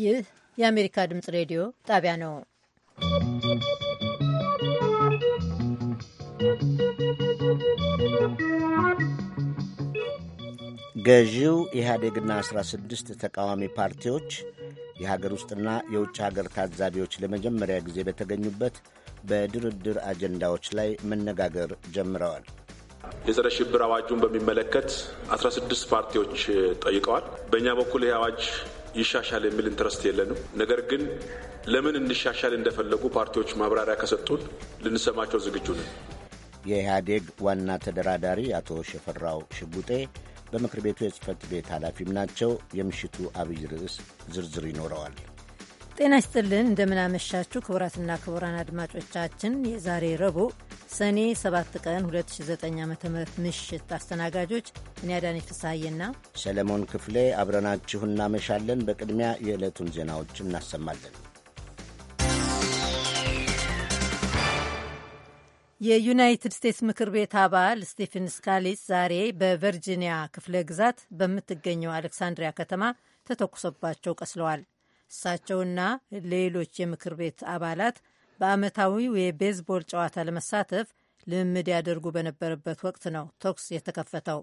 ይህ የአሜሪካ ድምፅ ሬዲዮ ጣቢያ ነው። ገዢው ኢህአዴግና 16 ተቃዋሚ ፓርቲዎች የሀገር ውስጥና የውጭ ሀገር ታዛቢዎች ለመጀመሪያ ጊዜ በተገኙበት በድርድር አጀንዳዎች ላይ መነጋገር ጀምረዋል። የጸረ ሽብር አዋጁን በሚመለከት 16 ፓርቲዎች ጠይቀዋል። በእኛ በኩል ይህ አዋጅ ይሻሻል የሚል ኢንትረስት የለንም። ነገር ግን ለምን እንሻሻል እንደፈለጉ ፓርቲዎች ማብራሪያ ከሰጡን ልንሰማቸው ዝግጁ ነን። የኢህአዴግ ዋና ተደራዳሪ አቶ ሸፈራው ሽጉጤ በምክር ቤቱ የጽህፈት ቤት ኃላፊም ናቸው። የምሽቱ አብይ ርዕስ ዝርዝር ይኖረዋል። ጤና ይስጥልን እንደምናመሻችሁ ክቡራትና ክቡራን አድማጮቻችን የዛሬ ረቡዕ ሰኔ 7 ቀን 2009 ዓ ም ምሽት አስተናጋጆች እኔ አዳነች ፍስሐዬና ሰለሞን ክፍሌ አብረናችሁ እናመሻለን። በቅድሚያ የዕለቱን ዜናዎች እናሰማለን። የዩናይትድ ስቴትስ ምክር ቤት አባል ስቴፈን ስካሊስ ዛሬ በቨርጂኒያ ክፍለ ግዛት በምትገኘው አሌክሳንድሪያ ከተማ ተተኩሶባቸው ቀስለዋል። እሳቸውና ሌሎች የምክር ቤት አባላት በአመታዊ የቤዝቦል ጨዋታ ለመሳተፍ ልምምድ ያደርጉ በነበረበት ወቅት ነው ተኩስ የተከፈተው።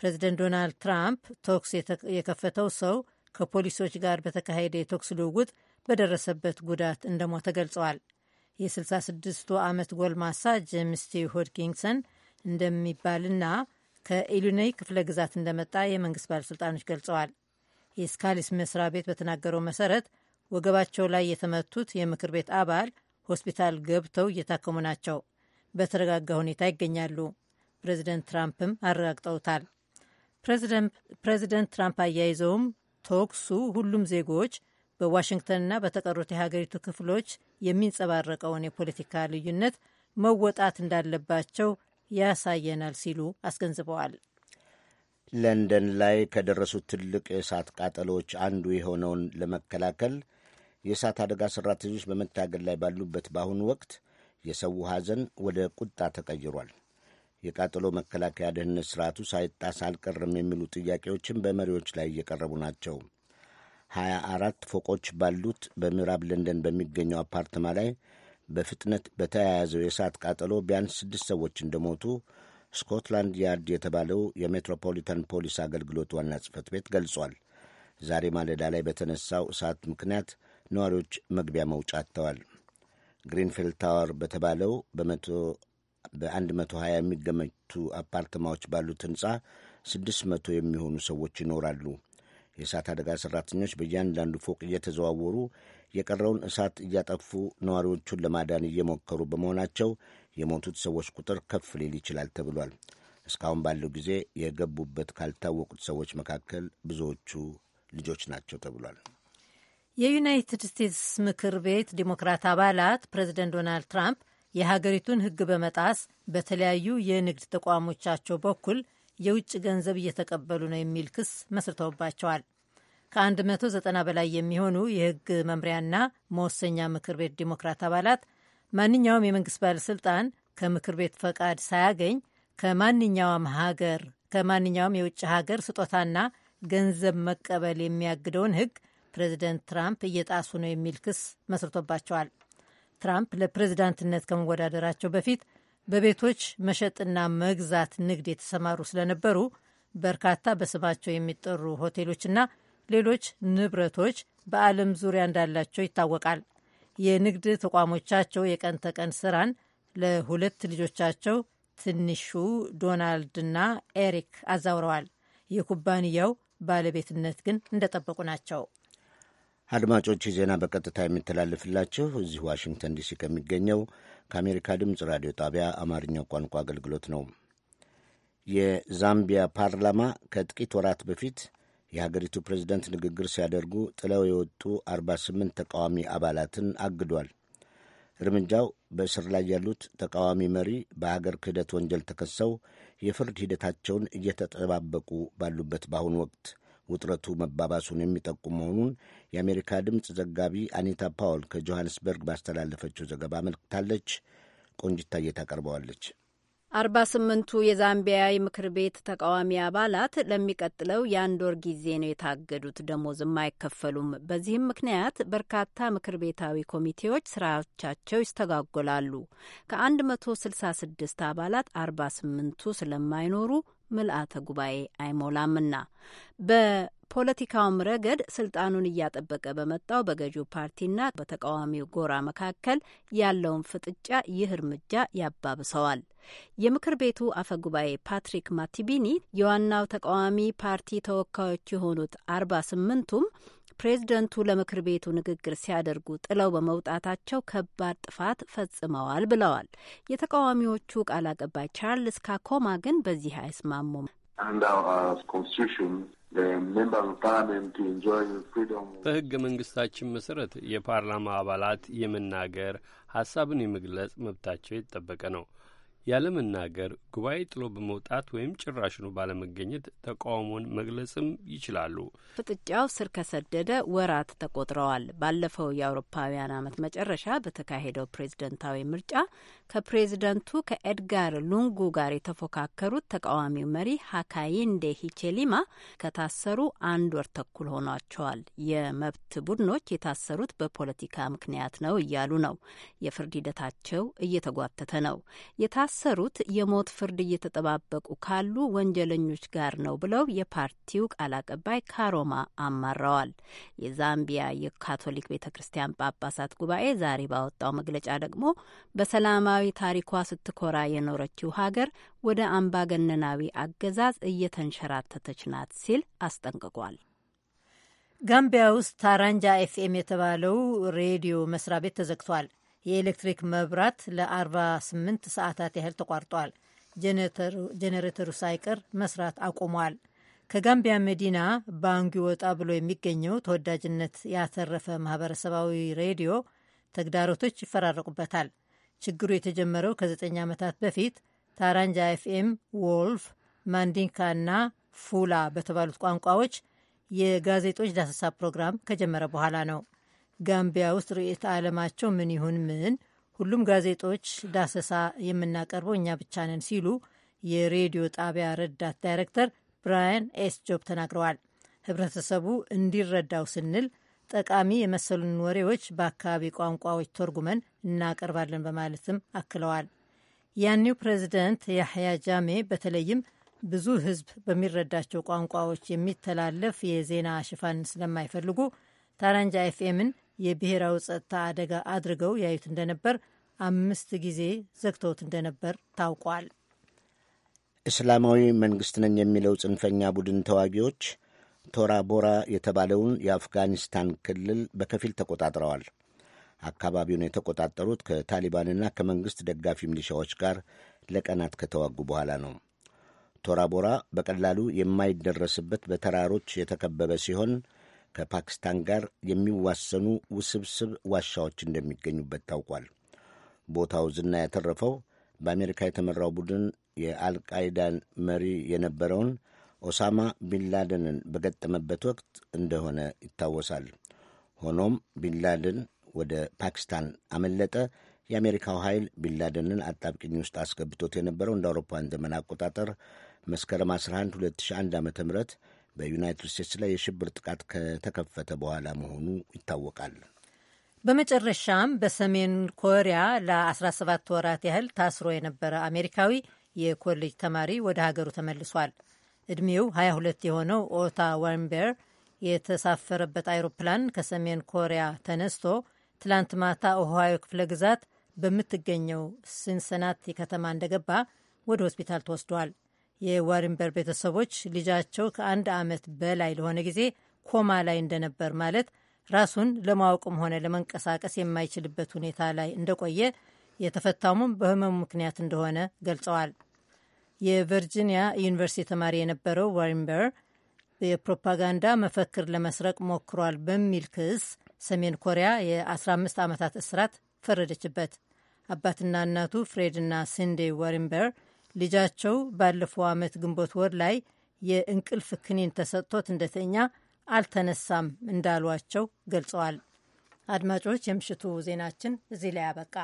ፕሬዚደንት ዶናልድ ትራምፕ ተኩስ የከፈተው ሰው ከፖሊሶች ጋር በተካሄደ የተኩስ ልውውጥ በደረሰበት ጉዳት እንደሞተ ገልጸዋል። የ66ቱ ዓመት ጎልማሳ ጄምስ ሆድኪንግሰን ሆድኪንሰን እንደሚባልና ከኢሊኖይ ክፍለ ግዛት እንደመጣ የመንግስት ባለሥልጣኖች ገልጸዋል። የስካሊስ መስሪያ ቤት በተናገረው መሰረት ወገባቸው ላይ የተመቱት የምክር ቤት አባል ሆስፒታል ገብተው እየታከሙ ናቸው። በተረጋጋ ሁኔታ ይገኛሉ። ፕሬዚደንት ትራምፕም አረጋግጠውታል። ፕሬዚደንት ትራምፕ አያይዘውም ተኩሱ ሁሉም ዜጎች በዋሽንግተንና በተቀሩት የሀገሪቱ ክፍሎች የሚንጸባረቀውን የፖለቲካ ልዩነት መወጣት እንዳለባቸው ያሳየናል ሲሉ አስገንዝበዋል። ለንደን ላይ ከደረሱት ትልቅ የእሳት ቃጠሎዎች አንዱ የሆነውን ለመከላከል የእሳት አደጋ ሠራተኞች በመታገል ላይ ባሉበት በአሁኑ ወቅት የሰው ሐዘን ወደ ቁጣ ተቀይሯል። የቃጠሎ መከላከያ ደህንነት ሥርዓቱ ሳይጣስ አልቀርም የሚሉ ጥያቄዎችን በመሪዎች ላይ እየቀረቡ ናቸው። ሀያ አራት ፎቆች ባሉት በምዕራብ ለንደን በሚገኘው አፓርትማ ላይ በፍጥነት በተያያዘው የእሳት ቃጠሎ ቢያንስ ስድስት ሰዎች እንደሞቱ ስኮትላንድ ያርድ የተባለው የሜትሮፖሊታን ፖሊስ አገልግሎት ዋና ጽህፈት ቤት ገልጿል። ዛሬ ማለዳ ላይ በተነሳው እሳት ምክንያት ነዋሪዎች መግቢያ መውጫ አጥተዋል። ግሪንፊልድ ታወር በተባለው በ120 የሚገመቱ አፓርትማዎች ባሉት ህንፃ 600 የሚሆኑ ሰዎች ይኖራሉ። የእሳት አደጋ ሰራተኞች በእያንዳንዱ ፎቅ እየተዘዋወሩ የቀረውን እሳት እያጠፉ ነዋሪዎቹን ለማዳን እየሞከሩ በመሆናቸው የሞቱት ሰዎች ቁጥር ከፍ ሊል ይችላል ተብሏል። እስካሁን ባለው ጊዜ የገቡበት ካልታወቁት ሰዎች መካከል ብዙዎቹ ልጆች ናቸው ተብሏል። የዩናይትድ ስቴትስ ምክር ቤት ዲሞክራት አባላት ፕሬዚደንት ዶናልድ ትራምፕ የሀገሪቱን ሕግ በመጣስ በተለያዩ የንግድ ተቋሞቻቸው በኩል የውጭ ገንዘብ እየተቀበሉ ነው የሚል ክስ መስርተውባቸዋል። ከ190 በላይ የሚሆኑ የሕግ መምሪያና መወሰኛ ምክር ቤት ዲሞክራት አባላት ማንኛውም የመንግስት ባለሥልጣን ከምክር ቤት ፈቃድ ሳያገኝ ከማንኛውም ሀገር ከማንኛውም የውጭ ሀገር ስጦታና ገንዘብ መቀበል የሚያግደውን ህግ ፕሬዚደንት ትራምፕ እየጣሱ ነው የሚል ክስ መስርቶባቸዋል። ትራምፕ ለፕሬዚዳንትነት ከመወዳደራቸው በፊት በቤቶች መሸጥና መግዛት ንግድ የተሰማሩ ስለነበሩ በርካታ በስማቸው የሚጠሩ ሆቴሎችና ሌሎች ንብረቶች በዓለም ዙሪያ እንዳላቸው ይታወቃል። የንግድ ተቋሞቻቸው የቀን ተቀን ስራን ለሁለት ልጆቻቸው ትንሹ ዶናልድና ኤሪክ አዛውረዋል። የኩባንያው ባለቤትነት ግን እንደጠበቁ ናቸው። አድማጮች ዜና በቀጥታ የሚተላልፍላችሁ እዚህ ዋሽንግተን ዲሲ ከሚገኘው ከአሜሪካ ድምፅ ራዲዮ ጣቢያ አማርኛው ቋንቋ አገልግሎት ነው። የዛምቢያ ፓርላማ ከጥቂት ወራት በፊት የሀገሪቱ ፕሬዝደንት ንግግር ሲያደርጉ ጥለው የወጡ 48 ተቃዋሚ አባላትን አግዷል። እርምጃው በእስር ላይ ያሉት ተቃዋሚ መሪ በሀገር ክህደት ወንጀል ተከሰው የፍርድ ሂደታቸውን እየተጠባበቁ ባሉበት በአሁኑ ወቅት ውጥረቱ መባባሱን የሚጠቁም መሆኑን የአሜሪካ ድምፅ ዘጋቢ አኒታ ፓውል ከጆሐንስበርግ ባስተላለፈችው ዘገባ አመልክታለች። ቆንጅታ እየታቀርበዋለች። አርባ ስምንቱ የዛምቢያ ምክር ቤት ተቃዋሚ አባላት ለሚቀጥለው የአንድ ወር ጊዜ ነው የታገዱት። ደሞዝም አይከፈሉም። በዚህም ምክንያት በርካታ ምክር ቤታዊ ኮሚቴዎች ስራዎቻቸው ይስተጓጎላሉ። ከአንድ መቶ ስልሳ ስድስት አባላት አርባ ስምንቱ ስለማይኖሩ ምልአተ ጉባኤ አይሞላምና ፖለቲካውም ረገድ ስልጣኑን እያጠበቀ በመጣው በገዢው ፓርቲና በተቃዋሚው ጎራ መካከል ያለውን ፍጥጫ ይህ እርምጃ ያባብሰዋል። የምክር ቤቱ ጉባኤ ፓትሪክ ማቲቢኒ የዋናው ተቃዋሚ ፓርቲ ተወካዮች የሆኑት አርባ ስምንቱም ፕሬዝደንቱ ለምክር ቤቱ ንግግር ሲያደርጉ ጥለው በመውጣታቸው ከባድ ጥፋት ፈጽመዋል ብለዋል። የተቃዋሚዎቹ ቃል አቀባይ ቻርልስ ካኮማ ግን በዚህ አይስማሙም። በህገ መንግስታችን መሰረት የፓርላማ አባላት የመናገር ሀሳብን የመግለጽ መብታቸው የተጠበቀ ነው። ያለመናገር፣ ጉባኤ ጥሎ በመውጣት ወይም ጭራሽኑ ባለመገኘት ተቃውሞን መግለጽም ይችላሉ። ፍጥጫው ስር ከሰደደ ወራት ተቆጥረዋል። ባለፈው የአውሮፓውያን ዓመት መጨረሻ በተካሄደው ፕሬዝደንታዊ ምርጫ ከፕሬዝደንቱ ከኤድጋር ሉንጉ ጋር የተፎካከሩት ተቃዋሚው መሪ ሀካይንዴ ሂቼሊማ ከታሰሩ አንድ ወር ተኩል ሆኗቸዋል። የመብት ቡድኖች የታሰሩት በፖለቲካ ምክንያት ነው እያሉ ነው። የፍርድ ሂደታቸው እየተጓተተ ነው። የታሰሩት የሞት ፍርድ እየተጠባበቁ ካሉ ወንጀለኞች ጋር ነው ብለው የፓርቲው ቃል አቀባይ ካሮማ አማረዋል። የዛምቢያ የካቶሊክ ቤተ ክርስቲያን ጳጳሳት ጉባኤ ዛሬ ባወጣው መግለጫ ደግሞ በሰላማዊ ታሪኳ ስትኮራ የኖረችው ሀገር ወደ አምባገነናዊ አገዛዝ እየተንሸራተተች ናት ሲል አስጠንቅቋል። ጋምቢያ ውስጥ ታራንጃ ኤፍኤም የተባለው ሬዲዮ መስሪያ ቤት ተዘግቷል። የኤሌክትሪክ መብራት ለ48 ሰዓታት ያህል ተቋርጧል። ጄኔሬተሩ ሳይቀር መስራት አቁሟል። ከጋምቢያ መዲና ባንጊ ወጣ ብሎ የሚገኘው ተወዳጅነት ያተረፈ ማህበረሰባዊ ሬዲዮ ተግዳሮቶች ይፈራረቁበታል። ችግሩ የተጀመረው ከ9 ዓመታት በፊት ታራንጃ ኤፍኤም፣ ዎልፍ፣ ማንዲንካ እና ፉላ በተባሉት ቋንቋዎች የጋዜጦች ዳሰሳ ፕሮግራም ከጀመረ በኋላ ነው። ጋምቢያ ውስጥ ርዕዮተ ዓለማቸው ምን ይሁን ምን ሁሉም ጋዜጦች ዳሰሳ የምናቀርበው እኛ ብቻ ነን ሲሉ የሬዲዮ ጣቢያ ረዳት ዳይሬክተር ብራያን ኤስ ጆብ ተናግረዋል። ህብረተሰቡ እንዲረዳው ስንል ጠቃሚ የመሰሉን ወሬዎች በአካባቢ ቋንቋዎች ተርጉመን እናቀርባለን በማለትም አክለዋል። ያኔው ፕሬዚደንት ያህያ ጃሜ በተለይም ብዙ ህዝብ በሚረዳቸው ቋንቋዎች የሚተላለፍ የዜና ሽፋን ስለማይፈልጉ ታራንጃ ኤፍኤምን የብሔራዊ ጸጥታ አደጋ አድርገው ያዩት እንደነበር፣ አምስት ጊዜ ዘግተውት እንደነበር ታውቋል። እስላማዊ መንግሥት ነኝ የሚለው ጽንፈኛ ቡድን ተዋጊዎች ቶራ ቦራ የተባለውን የአፍጋኒስታን ክልል በከፊል ተቆጣጥረዋል። አካባቢውን የተቆጣጠሩት ከታሊባንና ከመንግሥት ደጋፊ ሚሊሻዎች ጋር ለቀናት ከተዋጉ በኋላ ነው። ቶራ ቦራ በቀላሉ የማይደረስበት በተራሮች የተከበበ ሲሆን ከፓኪስታን ጋር የሚዋሰኑ ውስብስብ ዋሻዎች እንደሚገኙበት ታውቋል። ቦታው ዝና ያተረፈው በአሜሪካ የተመራው ቡድን የአልቃይዳን መሪ የነበረውን ኦሳማ ቢንላደንን በገጠመበት ወቅት እንደሆነ ይታወሳል። ሆኖም ቢንላደን ወደ ፓኪስታን አመለጠ። የአሜሪካው ኃይል ቢንላደንን አጣብቂኝ ውስጥ አስገብቶት የነበረው እንደ አውሮፓውያን ዘመን አቆጣጠር መስከረም 11 2001 ዓ ም በዩናይትድ ስቴትስ ላይ የሽብር ጥቃት ከተከፈተ በኋላ መሆኑ ይታወቃል። በመጨረሻም በሰሜን ኮሪያ ለ17 ወራት ያህል ታስሮ የነበረ አሜሪካዊ የኮሌጅ ተማሪ ወደ ሀገሩ ተመልሷል። እድሜው 22 የሆነው ኦታ ዋንቤር የተሳፈረበት አይሮፕላን ከሰሜን ኮሪያ ተነስቶ ትላንት ማታ ኦሃዮ ክፍለ ግዛት በምትገኘው ሲንሰናቲ ከተማ እንደገባ ወደ ሆስፒታል ተወስዷል። የዋሪንበር ቤተሰቦች ልጃቸው ከአንድ ዓመት በላይ ለሆነ ጊዜ ኮማ ላይ እንደነበር ማለት ራሱን ለማወቅም ሆነ ለመንቀሳቀስ የማይችልበት ሁኔታ ላይ እንደቆየ የተፈታሙም በህመሙ ምክንያት እንደሆነ ገልጸዋል። የቨርጂኒያ ዩኒቨርሲቲ ተማሪ የነበረው ዋሪንበር የፕሮፓጋንዳ መፈክር ለመስረቅ ሞክሯል በሚል ክስ ሰሜን ኮሪያ የ15 ዓመታት እስራት ፈረደችበት። አባትና እናቱ ፍሬድና ስንዴ ዋሪንበር ልጃቸው ባለፈው ዓመት ግንቦት ወር ላይ የእንቅልፍ ክኒን ተሰጥቶት እንደተኛ አልተነሳም እንዳሏቸው ገልጸዋል። አድማጮች፣ የምሽቱ ዜናችን እዚህ ላይ አበቃ።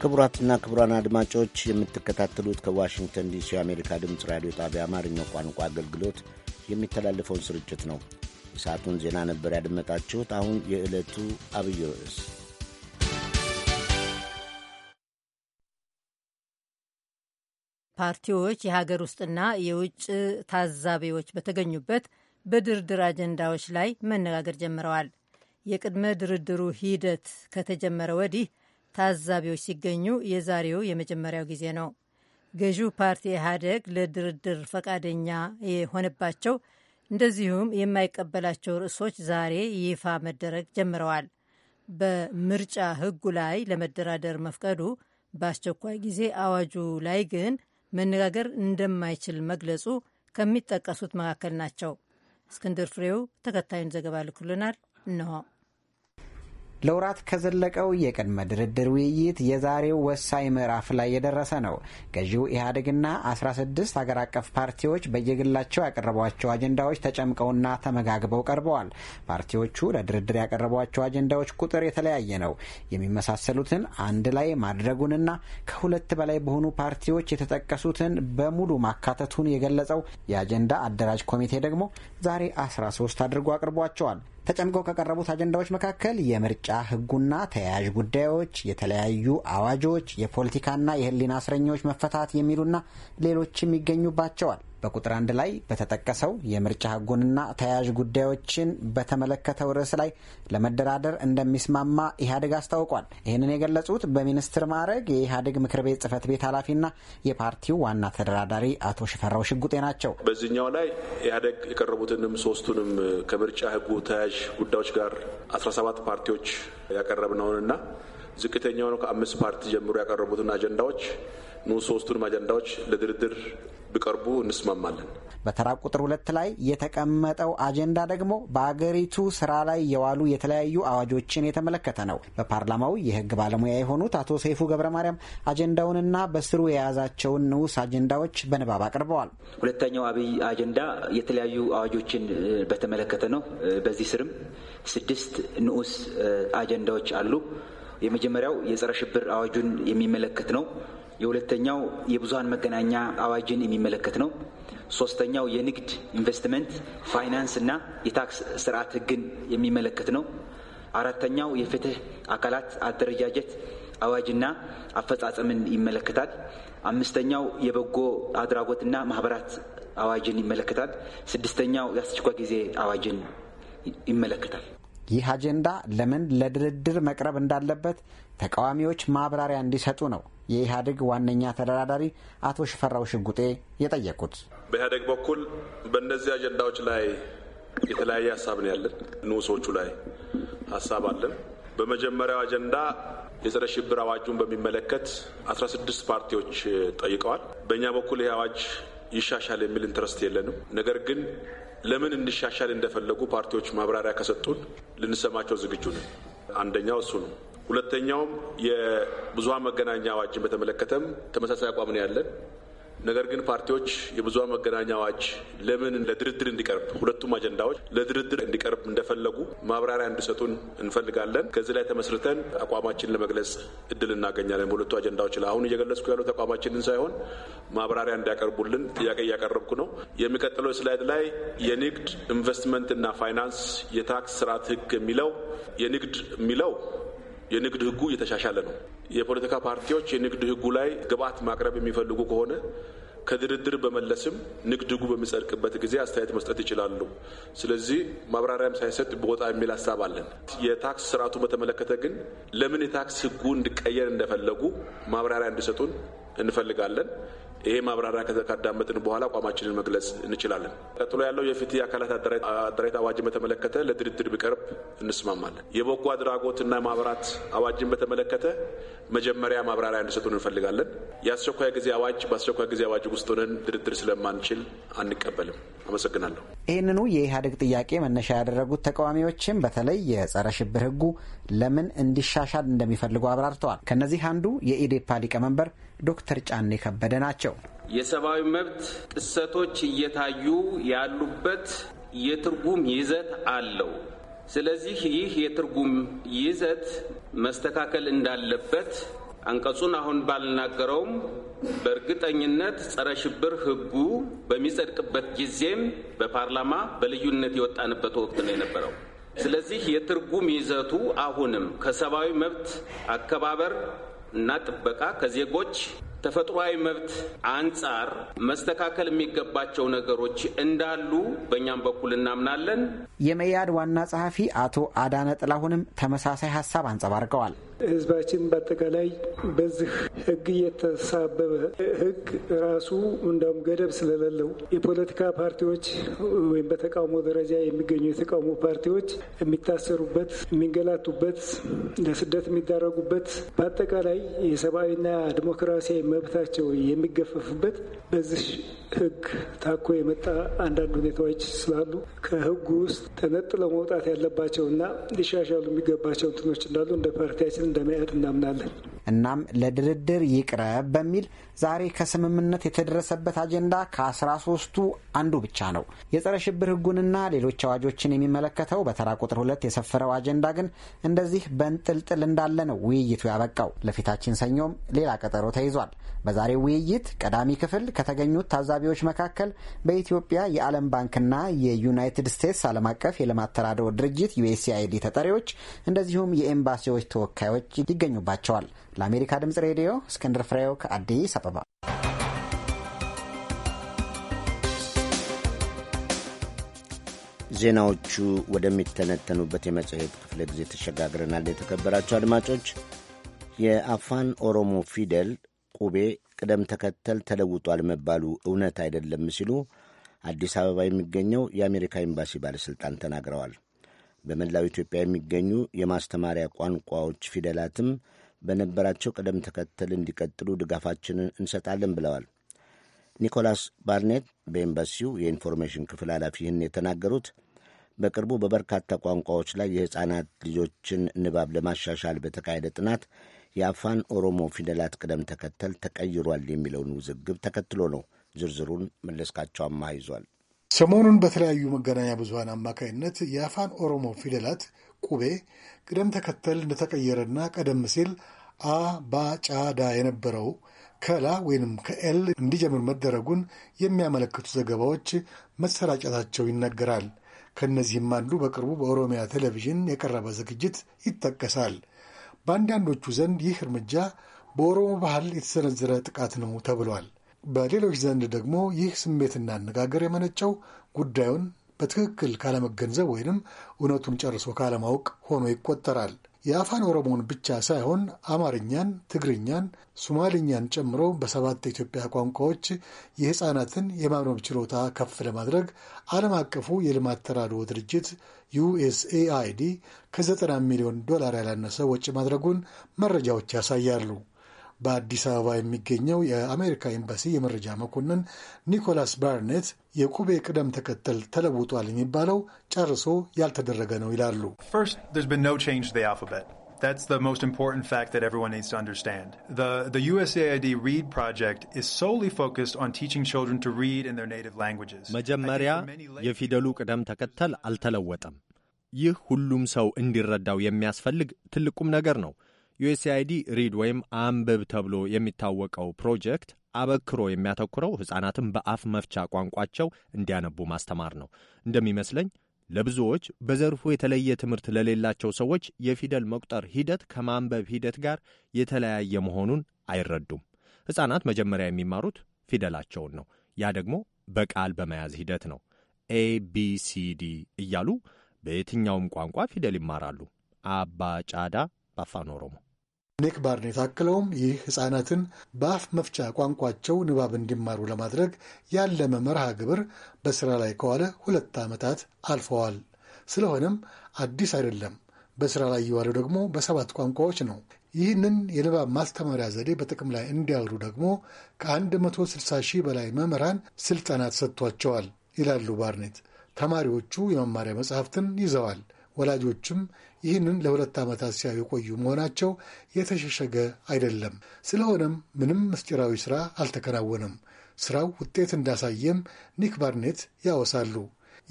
ክቡራትና ክቡራን አድማጮች የምትከታተሉት ከዋሽንግተን ዲሲ የአሜሪካ ድምፅ ራዲዮ ጣቢያ አማርኛው ቋንቋ አገልግሎት የሚተላለፈውን ስርጭት ነው። የሰዓቱን ዜና ነበር ያደመጣችሁት። አሁን የዕለቱ አብይ ርዕስ ፓርቲዎች የሀገር ውስጥና የውጭ ታዛቢዎች በተገኙበት በድርድር አጀንዳዎች ላይ መነጋገር ጀምረዋል። የቅድመ ድርድሩ ሂደት ከተጀመረ ወዲህ ታዛቢዎች ሲገኙ የዛሬው የመጀመሪያው ጊዜ ነው። ገዢው ፓርቲ ኢህአደግ ለድርድር ፈቃደኛ የሆነባቸው እንደዚሁም የማይቀበላቸው ርዕሶች ዛሬ ይፋ መደረግ ጀምረዋል። በምርጫ ሕጉ ላይ ለመደራደር መፍቀዱ በአስቸኳይ ጊዜ አዋጁ ላይ ግን መነጋገር እንደማይችል መግለጹ ከሚጠቀሱት መካከል ናቸው። እስክንድር ፍሬው ተከታዩን ዘገባ ልኩልናል። እንሆ ለውራት ከዘለቀው የቅድመ ድርድር ውይይት የዛሬው ወሳኝ ምዕራፍ ላይ የደረሰ ነው። ገዢው ኢህአዴግና 16 ሀገር አቀፍ ፓርቲዎች በየግላቸው ያቀረቧቸው አጀንዳዎች ተጨምቀውና ተመጋግበው ቀርበዋል። ፓርቲዎቹ ለድርድር ያቀረቧቸው አጀንዳዎች ቁጥር የተለያየ ነው። የሚመሳሰሉትን አንድ ላይ ማድረጉንና ከሁለት በላይ በሆኑ ፓርቲዎች የተጠቀሱትን በሙሉ ማካተቱን የገለጸው የአጀንዳ አደራጅ ኮሚቴ ደግሞ ዛሬ 13 አድርጎ አቅርቧቸዋል። ተጨምቀው ከቀረቡት አጀንዳዎች መካከል የምርጫ ህጉና ተያያዥ ጉዳዮች፣ የተለያዩ አዋጆች፣ የፖለቲካና የህሊና እስረኞች መፈታት የሚሉና ሌሎችም ይገኙባቸዋል። በቁጥር አንድ ላይ በተጠቀሰው የምርጫ ህጉንና ተያያዥ ጉዳዮችን በተመለከተው ርዕስ ላይ ለመደራደር እንደሚስማማ ኢህአዴግ አስታውቋል። ይህንን የገለጹት በሚኒስትር ማዕረግ የኢህአዴግ ምክር ቤት ጽህፈት ቤት ኃላፊና የፓርቲው ዋና ተደራዳሪ አቶ ሽፈራው ሽጉጤ ናቸው። በዚህኛው ላይ ኢህአዴግ የቀረቡትንም ሶስቱንም ከምርጫ ህጉ ተያያዥ ጉዳዮች ጋር 17 ፓርቲዎች ያቀረብነውንና ዝቅተኛውን ነው። ከአምስት ፓርቲ ጀምሮ ያቀረቡትን አጀንዳዎች ኑ ሶስቱንም አጀንዳዎች ለድርድር ቢቀርቡ እንስማማለን። በተራ ቁጥር ሁለት ላይ የተቀመጠው አጀንዳ ደግሞ በአገሪቱ ስራ ላይ የዋሉ የተለያዩ አዋጆችን የተመለከተ ነው። በፓርላማው የህግ ባለሙያ የሆኑት አቶ ሰይፉ ገብረ ማርያም አጀንዳውንና በስሩ የያዛቸውን ንዑስ አጀንዳዎች በንባብ አቅርበዋል። ሁለተኛው አብይ አጀንዳ የተለያዩ አዋጆችን በተመለከተ ነው። በዚህ ስርም ስድስት ንዑስ አጀንዳዎች አሉ። የመጀመሪያው የጸረ ሽብር አዋጁን የሚመለከት ነው። የሁለተኛው የብዙሀን መገናኛ አዋጅን የሚመለከት ነው። ሶስተኛው የንግድ ኢንቨስትመንት፣ ፋይናንስ እና የታክስ ስርዓት ህግን የሚመለከት ነው። አራተኛው የፍትህ አካላት አደረጃጀት አዋጅና አፈጻጸምን ይመለከታል። አምስተኛው የበጎ አድራጎትና ማህበራት አዋጅን ይመለከታል። ስድስተኛው የአስቸኳይ ጊዜ አዋጅን ይመለከታል። ይህ አጀንዳ ለምን ለድርድር መቅረብ እንዳለበት ተቃዋሚዎች ማብራሪያ እንዲሰጡ ነው የኢህአዴግ ዋነኛ ተደራዳሪ አቶ ሽፈራው ሽጉጤ የጠየቁት። በኢህአዴግ በኩል በእነዚህ አጀንዳዎች ላይ የተለያየ ሀሳብ ነው ያለን። ንዑሶቹ ላይ ሀሳብ አለን። በመጀመሪያው አጀንዳ የጸረ ሽብር አዋጁን በሚመለከት 16 ፓርቲዎች ጠይቀዋል። በእኛ በኩል ይህ አዋጅ ይሻሻል የሚል ኢንትረስት የለንም። ነገር ግን ለምን እንሻሻል እንደፈለጉ ፓርቲዎች ማብራሪያ ከሰጡን ልንሰማቸው ዝግጁ ነን። አንደኛው እሱ ነው። ሁለተኛውም የብዙሀን መገናኛ አዋጅን በተመለከተም ተመሳሳይ አቋም ነው ያለን። ነገር ግን ፓርቲዎች የብዙሃን መገናኛ አዋጅ ለምን ለድርድር እንዲቀርብ ሁለቱም አጀንዳዎች ለድርድር እንዲቀርብ እንደፈለጉ ማብራሪያ እንዲሰጡን እንፈልጋለን። ከዚህ ላይ ተመስርተን አቋማችን ለመግለጽ እድል እናገኛለን። በሁለቱ አጀንዳዎች ላይ አሁን እየገለጽኩ ያሉት አቋማችንን ሳይሆን ማብራሪያ እንዲያቀርቡልን ጥያቄ እያቀረብኩ ነው። የሚቀጥለው ስላይድ ላይ የንግድ ኢንቨስትመንትና ፋይናንስ የታክስ ስርዓት ህግ የሚለው የንግድ የሚለው የንግድ ህጉ እየተሻሻለ ነው። የፖለቲካ ፓርቲዎች የንግድ ህጉ ላይ ግብአት ማቅረብ የሚፈልጉ ከሆነ ከድርድር በመለስም ንግድ ህጉ በሚጸድቅበት ጊዜ አስተያየት መስጠት ይችላሉ። ስለዚህ ማብራሪያም ሳይሰጥ ቦታ የሚል ሀሳብ አለን። የታክስ ስርዓቱን በተመለከተ ግን ለምን የታክስ ህጉ እንዲቀየር እንደፈለጉ ማብራሪያ እንዲሰጡን እንፈልጋለን። ይሄ ማብራሪያ ካዳመጥን በኋላ አቋማችንን መግለጽ እንችላለን። ቀጥሎ ያለው የፍትህ አካላት አደራጀት አዋጅን በተመለከተ ለድርድር ቢቀርብ እንስማማለን። የበጎ አድራጎትና ማህበራት አዋጅን በተመለከተ መጀመሪያ ማብራሪያ እንዲሰጡን እንፈልጋለን። የአስቸኳይ ጊዜ አዋጅ በአስቸኳይ ጊዜ አዋጅ ውስጥ ሆነን ድርድር ስለማንችል አንቀበልም። አመሰግናለሁ። ይህንኑ የኢህአዴግ ጥያቄ መነሻ ያደረጉት ተቃዋሚዎችም በተለይ የጸረ ሽብር ህጉ ለምን እንዲሻሻል እንደሚፈልጉ አብራርተዋል። ከእነዚህ አንዱ የኢዴፓ ሊቀመንበር ዶክተር ጫኔ ከበደ ናቸው። የሰብአዊ መብት ጥሰቶች እየታዩ ያሉበት የትርጉም ይዘት አለው። ስለዚህ ይህ የትርጉም ይዘት መስተካከል እንዳለበት አንቀጹን አሁን ባልናገረውም በእርግጠኝነት ጸረ ሽብር ሕጉ በሚጸድቅበት ጊዜም በፓርላማ በልዩነት የወጣንበት ወቅት ነው የነበረው። ስለዚህ የትርጉም ይዘቱ አሁንም ከሰብአዊ መብት አከባበር እና ጥበቃ ከዜጎች ተፈጥሯዊ መብት አንጻር መስተካከል የሚገባቸው ነገሮች እንዳሉ በእኛም በኩል እናምናለን። የመያድ ዋና ጸሐፊ አቶ አዳነ ጥላሁንም ተመሳሳይ ሀሳብ አንጸባርቀዋል። ህዝባችን በአጠቃላይ በዚህ ህግ እየተሳበበ ህግ ራሱ እንደውም ገደብ ስለሌለው የፖለቲካ ፓርቲዎች ወይም በተቃውሞ ደረጃ የሚገኙ የተቃውሞ ፓርቲዎች የሚታሰሩበት፣ የሚንገላቱበት፣ ለስደት የሚዳረጉበት በአጠቃላይ የሰብአዊና ዲሞክራሲያዊ መብታቸው የሚገፈፍበት በዚህ ህግ ታኮ የመጣ አንዳንድ ሁኔታዎች ስላሉ ከህጉ ውስጥ ተነጥለው መውጣት ያለባቸውና ሊሻሻሉ የሚገባቸው እንትኖች እንዳሉ እንደ ፓርቲያችን እንደሚያዩት እናምናለን። እናም ለድርድር ይቅረብ በሚል ዛሬ ከስምምነት የተደረሰበት አጀንዳ ከአስራ ሶስቱ አንዱ ብቻ ነው። የጸረ ሽብር ህጉንና ሌሎች አዋጆችን የሚመለከተው በተራ ቁጥር ሁለት የሰፈረው አጀንዳ ግን እንደዚህ በንጥልጥል እንዳለ ነው ውይይቱ ያበቃው። ለፊታችን ሰኞም ሌላ ቀጠሮ ተይዟል። በዛሬው ውይይት ቀዳሚ ክፍል ከተገኙት ታዛቢዎች መካከል በኢትዮጵያ የዓለም ባንክና የዩናይትድ ስቴትስ ዓለም አቀፍ የልማት ተራድኦ ድርጅት ዩኤስኤአይዲ ተጠሪዎች እንደዚሁም የኤምባሲዎች ተወካዮች ይገኙባቸዋል። ለአሜሪካ ድምፅ ሬዲዮ እስክንድር ፍሬው ከአዲስ አበባ። ዜናዎቹ ወደሚተነተኑበት የመጽሔት ክፍለ ጊዜ ተሸጋግረናል። የተከበራቸው አድማጮች፣ የአፋን ኦሮሞ ፊደል ቁቤ ቅደም ተከተል ተለውጧል መባሉ እውነት አይደለም ሲሉ አዲስ አበባ የሚገኘው የአሜሪካ ኤምባሲ ባለሥልጣን ተናግረዋል። በመላው ኢትዮጵያ የሚገኙ የማስተማሪያ ቋንቋዎች ፊደላትም በነበራቸው ቅደም ተከተል እንዲቀጥሉ ድጋፋችንን እንሰጣለን ብለዋል። ኒኮላስ ባርኔት በኤምባሲው የኢንፎርሜሽን ክፍል ኃላፊ ይህን የተናገሩት በቅርቡ በበርካታ ቋንቋዎች ላይ የሕፃናት ልጆችን ንባብ ለማሻሻል በተካሄደ ጥናት የአፋን ኦሮሞ ፊደላት ቅደም ተከተል ተቀይሯል የሚለውን ውዝግብ ተከትሎ ነው። ዝርዝሩን መለስካቸው አማሃ ይዟል። ሰሞኑን በተለያዩ መገናኛ ብዙሀን አማካይነት የአፋን ኦሮሞ ፊደላት ቁቤ ቅደም ተከተል እንደተቀየረና ቀደም ሲል አባጫዳ የነበረው ከላ ወይንም ከኤል እንዲጀምር መደረጉን የሚያመለክቱ ዘገባዎች መሰራጨታቸው ይነገራል። ከእነዚህም አንዱ በቅርቡ በኦሮሚያ ቴሌቪዥን የቀረበ ዝግጅት ይጠቀሳል። በአንዳንዶቹ ዘንድ ይህ እርምጃ በኦሮሞ ባህል የተሰነዘረ ጥቃት ነው ተብሏል። በሌሎች ዘንድ ደግሞ ይህ ስሜትና አነጋገር የመነጨው ጉዳዩን በትክክል ካለመገንዘብ ወይንም እውነቱን ጨርሶ ካለማወቅ ሆኖ ይቆጠራል። የአፋን ኦሮሞን ብቻ ሳይሆን አማርኛን፣ ትግርኛን፣ ሶማሊኛን ጨምሮ በሰባት የኢትዮጵያ ቋንቋዎች የሕፃናትን የማንበብ ችሎታ ከፍ ለማድረግ ዓለም አቀፉ የልማት ተራድኦ ድርጅት ዩኤስኤአይዲ ከዘጠና ሚሊዮን ዶላር ያላነሰ ወጪ ማድረጉን መረጃዎች ያሳያሉ። በአዲስ አበባ የሚገኘው የአሜሪካ ኤምባሲ የመረጃ መኮንን ኒኮላስ ባርኔት የቁቤ ቅደም ተከተል ተለውጧል የሚባለው ጨርሶ ያልተደረገ ነው ይላሉ። That's the most important fact that everyone needs to understand. The, the USAID Read project is solely focused on teaching children to read in their native languages. መጀመሪያ የፊደሉ ቅደም ተከተል አልተለወጠም። ይህ ሁሉም ሰው እንዲረዳው የሚያስፈልግ ትልቁም ነገር ነው። ዩኤስአይዲ ሪድ ወይም አንብብ ተብሎ የሚታወቀው ፕሮጀክት አበክሮ የሚያተኩረው ሕፃናትን በአፍ መፍቻ ቋንቋቸው እንዲያነቡ ማስተማር ነው። እንደሚመስለኝ ለብዙዎች በዘርፉ የተለየ ትምህርት ለሌላቸው ሰዎች የፊደል መቁጠር ሂደት ከማንበብ ሂደት ጋር የተለያየ መሆኑን አይረዱም። ሕፃናት መጀመሪያ የሚማሩት ፊደላቸውን ነው። ያ ደግሞ በቃል በመያዝ ሂደት ነው። ኤ ቢ ሲ ዲ እያሉ በየትኛውም ቋንቋ ፊደል ይማራሉ። አባ ጫዳ በአፋን ኦሮሞ ኒክ ባርኔት አክለውም ይህ ህጻናትን በአፍ መፍቻ ቋንቋቸው ንባብ እንዲማሩ ለማድረግ ያለመ መርሃ ግብር በስራ ላይ ከዋለ ሁለት ዓመታት አልፈዋል። ስለሆነም አዲስ አይደለም። በስራ ላይ የዋለው ደግሞ በሰባት ቋንቋዎች ነው። ይህንን የንባብ ማስተማሪያ ዘዴ በጥቅም ላይ እንዲያውሉ ደግሞ ከ160 ሺህ በላይ መምህራን ስልጠና ተሰጥቷቸዋል ይላሉ ባርኔት። ተማሪዎቹ የመማሪያ መጽሐፍትን ይዘዋል። ወላጆችም ይህንን ለሁለት ዓመታት ሲያዩ የቆዩ መሆናቸው የተሸሸገ አይደለም። ስለሆነም ምንም ምስጢራዊ ሥራ አልተከናወነም። ሥራው ውጤት እንዳሳየም ኒክ ባርኔት ያወሳሉ።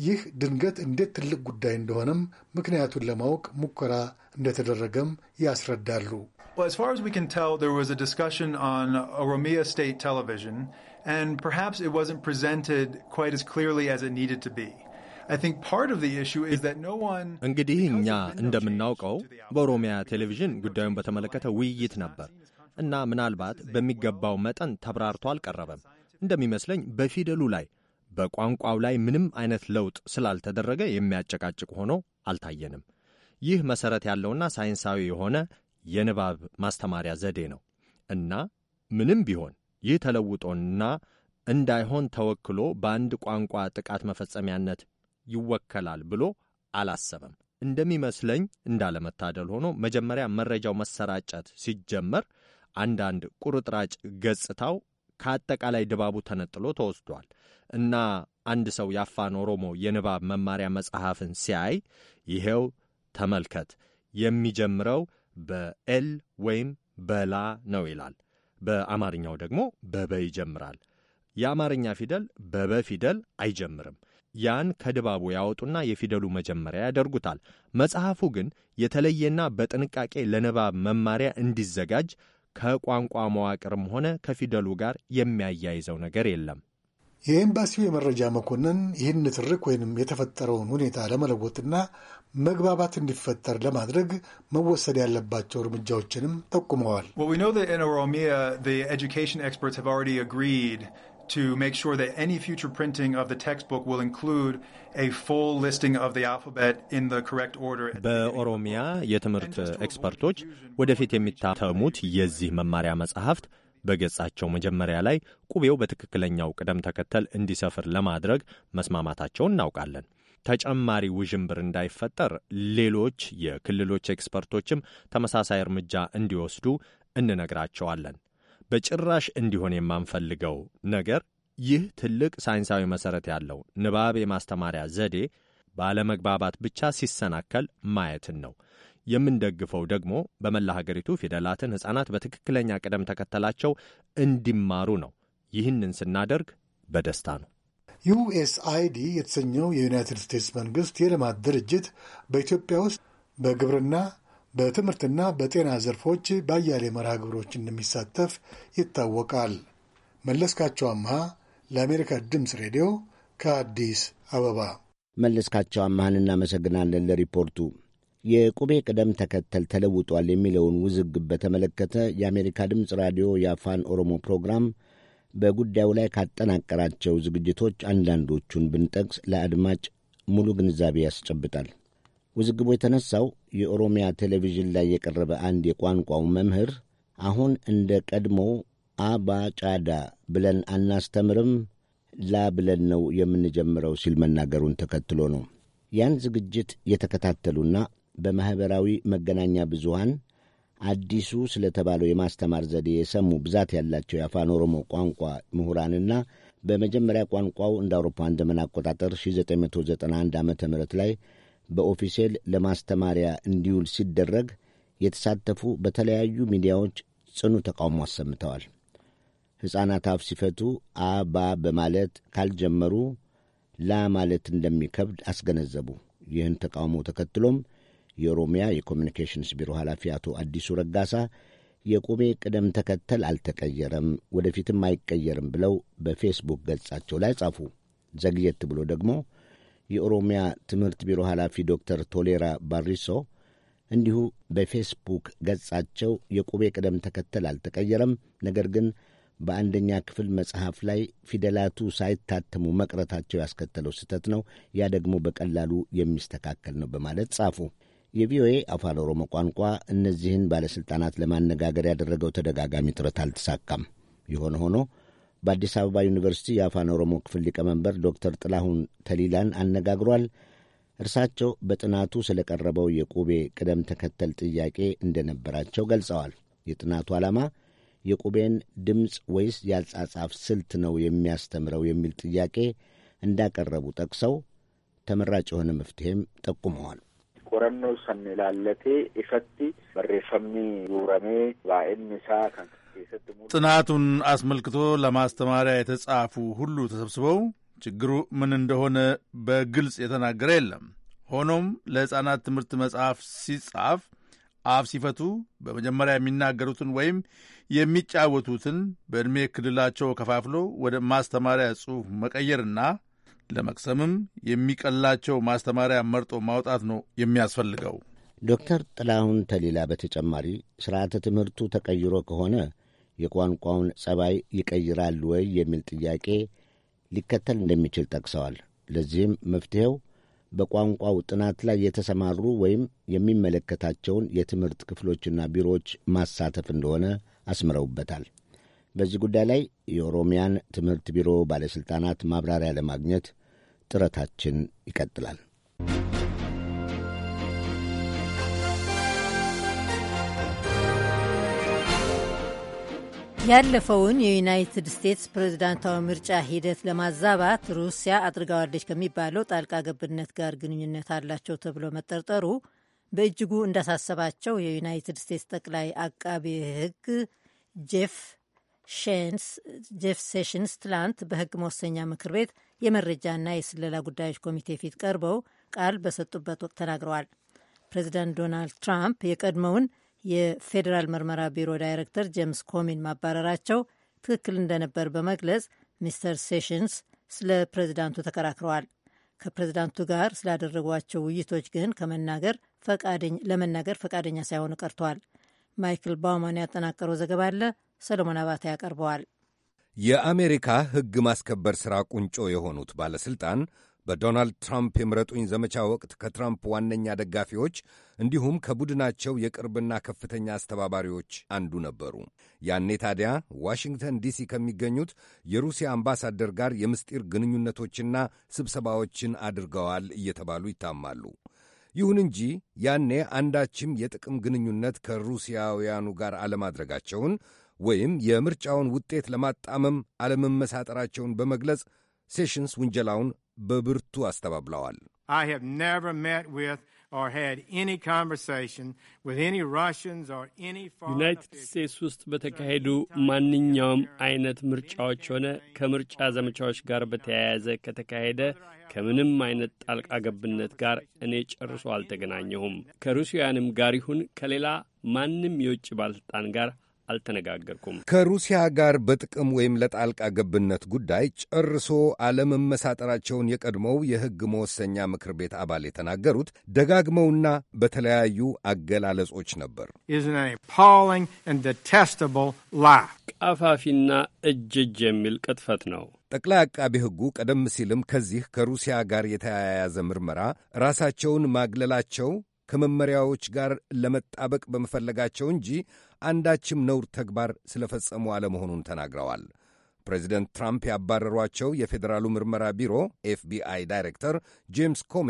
ይህ ድንገት እንዴት ትልቅ ጉዳይ እንደሆነም ምክንያቱን ለማወቅ ሙከራ እንደተደረገም ያስረዳሉ። And perhaps it wasn't presented quite as clearly as it needed to እንግዲህ እኛ እንደምናውቀው በኦሮሚያ ቴሌቪዥን ጉዳዩን በተመለከተ ውይይት ነበር እና ምናልባት በሚገባው መጠን ተብራርቶ አልቀረበም። እንደሚመስለኝ በፊደሉ ላይ በቋንቋው ላይ ምንም አይነት ለውጥ ስላልተደረገ የሚያጨቃጭቅ ሆኖ አልታየንም። ይህ መሰረት ያለውና ሳይንሳዊ የሆነ የንባብ ማስተማሪያ ዘዴ ነው እና ምንም ቢሆን ይህ ተለውጦና እንዳይሆን ተወክሎ በአንድ ቋንቋ ጥቃት መፈጸሚያነት ይወከላል ብሎ አላሰበም። እንደሚመስለኝ እንዳለመታደል ሆኖ መጀመሪያ መረጃው መሰራጨት ሲጀመር አንዳንድ ቁርጥራጭ ገጽታው ከአጠቃላይ ድባቡ ተነጥሎ ተወስዷል እና አንድ ሰው የአፋን ኦሮሞ የንባብ መማሪያ መጽሐፍን ሲያይ ይሄው ተመልከት የሚጀምረው በኤል ወይም በላ ነው ይላል። በአማርኛው ደግሞ በበ ይጀምራል። የአማርኛ ፊደል በበ ፊደል አይጀምርም። ያን ከድባቡ ያወጡና የፊደሉ መጀመሪያ ያደርጉታል። መጽሐፉ ግን የተለየና በጥንቃቄ ለንባብ መማሪያ እንዲዘጋጅ ከቋንቋ መዋቅርም ሆነ ከፊደሉ ጋር የሚያያይዘው ነገር የለም። የኤምባሲው የመረጃ መኮንን ይህን ንትርክ ወይንም የተፈጠረውን ሁኔታ ለመለወጥና መግባባት እንዲፈጠር ለማድረግ መወሰድ ያለባቸው እርምጃዎችንም ጠቁመዋል። to make sure that any future printing of the textbook will include a full listing of the alphabet in the correct order. በኦሮሚያ የትምህርት ኤክስፐርቶች ወደፊት የሚታተሙት የዚህ መማሪያ መጽሐፍት በገጻቸው መጀመሪያ ላይ ቁቤው በትክክለኛው ቅደም ተከተል እንዲሰፍር ለማድረግ መስማማታቸውን እናውቃለን። ተጨማሪ ውዥንብር እንዳይፈጠር ሌሎች የክልሎች ኤክስፐርቶችም ተመሳሳይ እርምጃ እንዲወስዱ እንነግራቸዋለን። በጭራሽ እንዲሆን የማንፈልገው ነገር ይህ ትልቅ ሳይንሳዊ መሠረት ያለው ንባብ የማስተማሪያ ዘዴ ባለመግባባት ብቻ ሲሰናከል ማየትን ነው። የምንደግፈው ደግሞ በመላ ሀገሪቱ ፊደላትን ሕፃናት በትክክለኛ ቅደም ተከተላቸው እንዲማሩ ነው። ይህንን ስናደርግ በደስታ ነው። ዩኤስአይዲ የተሰኘው የዩናይትድ ስቴትስ መንግሥት የልማት ድርጅት በኢትዮጵያ ውስጥ በግብርና በትምህርትና በጤና ዘርፎች በአያሌ መርሃ ግብሮች እንደሚሳተፍ ይታወቃል። መለስካቸው አምሃ ለአሜሪካ ድምፅ ሬዲዮ ከአዲስ አበባ። መለስካቸው አምሃን እናመሰግናለን ለሪፖርቱ። የቁቤ ቅደም ተከተል ተለውጧል የሚለውን ውዝግብ በተመለከተ የአሜሪካ ድምፅ ራዲዮ የአፋን ኦሮሞ ፕሮግራም በጉዳዩ ላይ ካጠናቀራቸው ዝግጅቶች አንዳንዶቹን ብንጠቅስ ለአድማጭ ሙሉ ግንዛቤ ያስጨብጣል። ውዝግቡ የተነሳው የኦሮሚያ ቴሌቪዥን ላይ የቀረበ አንድ የቋንቋው መምህር አሁን እንደ ቀድሞው አባ ጫዳ ብለን አናስተምርም ላ ብለን ነው የምንጀምረው ሲል መናገሩን ተከትሎ ነው። ያን ዝግጅት የተከታተሉና በማኅበራዊ መገናኛ ብዙሃን አዲሱ ስለተባለው የማስተማር ዘዴ የሰሙ ብዛት ያላቸው የአፋን ኦሮሞ ቋንቋ ምሁራንና በመጀመሪያ ቋንቋው እንደ አውሮፓውያን ዘመን አቆጣጠር 1991 ዓ ም ላይ በኦፊሴል ለማስተማሪያ እንዲውል ሲደረግ የተሳተፉ በተለያዩ ሚዲያዎች ጽኑ ተቃውሞ አሰምተዋል። ሕፃናት አፍ ሲፈቱ አባ በማለት ካልጀመሩ ላ ማለት እንደሚከብድ አስገነዘቡ። ይህን ተቃውሞ ተከትሎም የኦሮሚያ የኮሚኒኬሽንስ ቢሮ ኃላፊ አቶ አዲሱ ረጋሳ የቁሜ ቅደም ተከተል አልተቀየረም፣ ወደፊትም አይቀየርም ብለው በፌስቡክ ገጻቸው ላይ ጻፉ። ዘግየት ብሎ ደግሞ የኦሮሚያ ትምህርት ቢሮ ኃላፊ ዶክተር ቶሌራ ባሪሶ እንዲሁ በፌስቡክ ገጻቸው የቁቤ ቅደም ተከተል አልተቀየረም፣ ነገር ግን በአንደኛ ክፍል መጽሐፍ ላይ ፊደላቱ ሳይታተሙ መቅረታቸው ያስከተለው ስህተት ነው፣ ያ ደግሞ በቀላሉ የሚስተካከል ነው በማለት ጻፉ። የቪኦኤ አፋን ኦሮሞ ቋንቋ እነዚህን ባለሥልጣናት ለማነጋገር ያደረገው ተደጋጋሚ ጥረት አልተሳካም። የሆነ ሆኖ በአዲስ አበባ ዩኒቨርሲቲ የአፋን ኦሮሞ ክፍል ሊቀመንበር ዶክተር ጥላሁን ተሊላን አነጋግሯል። እርሳቸው በጥናቱ ስለቀረበው የቁቤ ቅደም ተከተል ጥያቄ እንደነበራቸው ገልጸዋል። የጥናቱ ዓላማ የቁቤን ድምፅ ወይስ ያጻጻፍ ስልት ነው የሚያስተምረው የሚል ጥያቄ እንዳቀረቡ ጠቅሰው ተመራጭ የሆነ መፍትሄም ጠቁመዋል። ቆረኖ ሰሚላለቴ ኢፈቲ በሬፈሚ ዩረሜ ባኤን ሳ ጥናቱን አስመልክቶ ለማስተማሪያ የተጻፉ ሁሉ ተሰብስበው ችግሩ ምን እንደሆነ በግልጽ የተናገረ የለም። ሆኖም ለሕፃናት ትምህርት መጽሐፍ ሲጻፍ አፍ ሲፈቱ በመጀመሪያ የሚናገሩትን ወይም የሚጫወቱትን በዕድሜ ክልላቸው ከፋፍሎ ወደ ማስተማሪያ ጽሑፍ መቀየርና ለመቅሰምም የሚቀላቸው ማስተማሪያ መርጦ ማውጣት ነው የሚያስፈልገው። ዶክተር ጥላሁን ተሊላ በተጨማሪ ስርዓተ ትምህርቱ ተቀይሮ ከሆነ የቋንቋውን ጸባይ ይቀይራል ወይ የሚል ጥያቄ ሊከተል እንደሚችል ጠቅሰዋል። ለዚህም መፍትሔው በቋንቋው ጥናት ላይ የተሰማሩ ወይም የሚመለከታቸውን የትምህርት ክፍሎችና ቢሮዎች ማሳተፍ እንደሆነ አስምረውበታል። በዚህ ጉዳይ ላይ የኦሮሚያን ትምህርት ቢሮ ባለሥልጣናት ማብራሪያ ለማግኘት ጥረታችን ይቀጥላል። ያለፈውን የዩናይትድ ስቴትስ ፕሬዝዳንታዊ ምርጫ ሂደት ለማዛባት ሩሲያ አድርጋዋለች ከሚባለው ጣልቃ ገብነት ጋር ግንኙነት አላቸው ተብሎ መጠርጠሩ በእጅጉ እንዳሳሰባቸው የዩናይትድ ስቴትስ ጠቅላይ አቃቤ ሕግ ጄፍ ጄፍ ሴሽንስ ትላንት በሕግ መወሰኛ ምክር ቤት የመረጃና የስለላ ጉዳዮች ኮሚቴ ፊት ቀርበው ቃል በሰጡበት ወቅት ተናግረዋል። ፕሬዚዳንት ዶናልድ ትራምፕ የቀድሞውን የፌዴራል ምርመራ ቢሮ ዳይሬክተር ጄምስ ኮሚን ማባረራቸው ትክክል እንደነበር በመግለጽ ሚስተር ሴሽንስ ስለ ፕሬዚዳንቱ ተከራክረዋል። ከፕሬዚዳንቱ ጋር ስላደረጓቸው ውይይቶች ግን ከመናገር ለመናገር ፈቃደኛ ሳይሆኑ ቀርተዋል። ማይክል ባውማን ያጠናቀረው ዘገባ አለ፣ ሰለሞን አባተ ያቀርበዋል። የአሜሪካ ሕግ ማስከበር ሥራ ቁንጮ የሆኑት ባለሥልጣን በዶናልድ ትራምፕ የምረጡኝ ዘመቻ ወቅት ከትራምፕ ዋነኛ ደጋፊዎች እንዲሁም ከቡድናቸው የቅርብና ከፍተኛ አስተባባሪዎች አንዱ ነበሩ። ያኔ ታዲያ ዋሽንግተን ዲሲ ከሚገኙት የሩሲያ አምባሳደር ጋር የምስጢር ግንኙነቶችና ስብሰባዎችን አድርገዋል እየተባሉ ይታማሉ። ይሁን እንጂ ያኔ አንዳችም የጥቅም ግንኙነት ከሩሲያውያኑ ጋር አለማድረጋቸውን ወይም የምርጫውን ውጤት ለማጣመም አለመመሳጠራቸውን በመግለጽ ሴሽንስ ውንጀላውን በብርቱ አስተባብለዋል። ዩናይትድ ስቴትስ ውስጥ በተካሄዱ ማንኛውም አይነት ምርጫዎች ሆነ ከምርጫ ዘመቻዎች ጋር በተያያዘ ከተካሄደ ከምንም አይነት ጣልቃ ገብነት ጋር እኔ ጨርሶ አልተገናኘሁም። ከሩሲያንም ጋር ይሁን ከሌላ ማንም የውጭ ባለሥልጣን ጋር አልተነጋገርኩም። ከሩሲያ ጋር በጥቅም ወይም ለጣልቃ ገብነት ጉዳይ ጨርሶ አለመመሳጠራቸውን የቀድሞው የሕግ መወሰኛ ምክር ቤት አባል የተናገሩት ደጋግመውና በተለያዩ አገላለጾች ነበር። ቀፋፊና እጅ እጅ የሚል ቅጥፈት ነው። ጠቅላይ አቃቢ ሕጉ ቀደም ሲልም ከዚህ ከሩሲያ ጋር የተያያዘ ምርመራ ራሳቸውን ማግለላቸው ከመመሪያዎች ጋር ለመጣበቅ በመፈለጋቸው እንጂ አንዳችም ነውር ተግባር ስለፈጸሙ አለመሆኑን ተናግረዋል። ፕሬዚደንት ትራምፕ ያባረሯቸው የፌዴራሉ ምርመራ ቢሮ ኤፍቢአይ ዳይሬክተር ጄምስ ኮሜ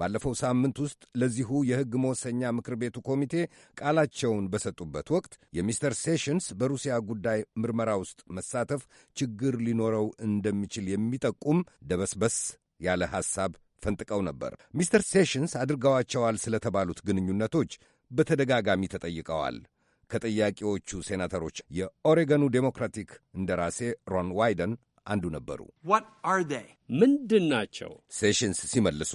ባለፈው ሳምንት ውስጥ ለዚሁ የሕግ መወሰኛ ምክር ቤቱ ኮሚቴ ቃላቸውን በሰጡበት ወቅት የሚስተር ሴሽንስ በሩሲያ ጉዳይ ምርመራ ውስጥ መሳተፍ ችግር ሊኖረው እንደሚችል የሚጠቁም ደበስበስ ያለ ሐሳብ ፈንጥቀው ነበር። ሚስተር ሴሽንስ አድርገዋቸዋል ስለተባሉት ግንኙነቶች በተደጋጋሚ ተጠይቀዋል። ከጠያቂዎቹ ሴናተሮች የኦሬገኑ ዴሞክራቲክ እንደራሴ ሮን ዋይደን አንዱ ነበሩ። ምንድን ናቸው? ሴሽንስ ሲመልሱ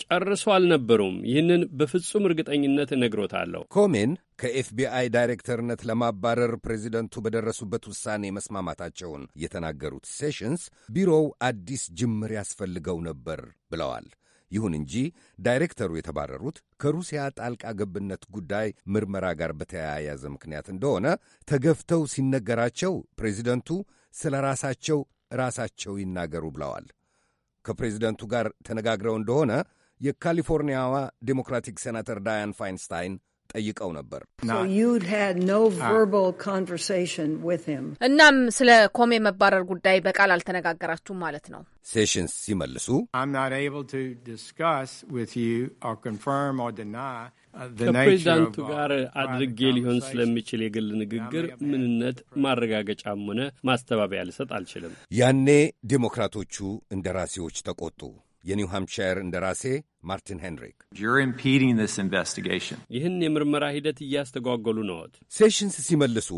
ጨርሶ አልነበሩም። ይህንን በፍጹም እርግጠኝነት እነግሮታለሁ። ኮሜን ከኤፍቢአይ ዳይሬክተርነት ለማባረር ፕሬዚደንቱ በደረሱበት ውሳኔ መስማማታቸውን የተናገሩት ሴሽንስ ቢሮው አዲስ ጅምር ያስፈልገው ነበር ብለዋል። ይሁን እንጂ ዳይሬክተሩ የተባረሩት ከሩሲያ ጣልቃ ገብነት ጉዳይ ምርመራ ጋር በተያያዘ ምክንያት እንደሆነ ተገፍተው ሲነገራቸው ፕሬዚደንቱ ስለ ራሳቸው ራሳቸው ይናገሩ ብለዋል። ከፕሬዚደንቱ ጋር ተነጋግረው እንደሆነ የካሊፎርኒያዋ ዴሞክራቲክ ሴናተር ዳያን ፋይንስታይን ጠይቀው ነበር። እናም ስለ ኮሜ መባረር ጉዳይ በቃል አልተነጋገራችሁም ማለት ነው? ሴሽንስ ሲመልሱ uh, ከፕሬዚዳንቱ ጋር አድርጌ ሊሆን ስለሚችል የግል ንግግር ምንነት ማረጋገጫም ሆነ ማስተባበያ ልሰጥ አልችልም። ያኔ ዴሞክራቶቹ እንደራሴዎች ተቆጡ። የኒው ሃምፕሻየር እንደራሴ ማርቲን ሄንሪክ ይህን የምርመራ ሂደት እያስተጓገሉ ነዎት። ሴሽንስ ሲመልሱ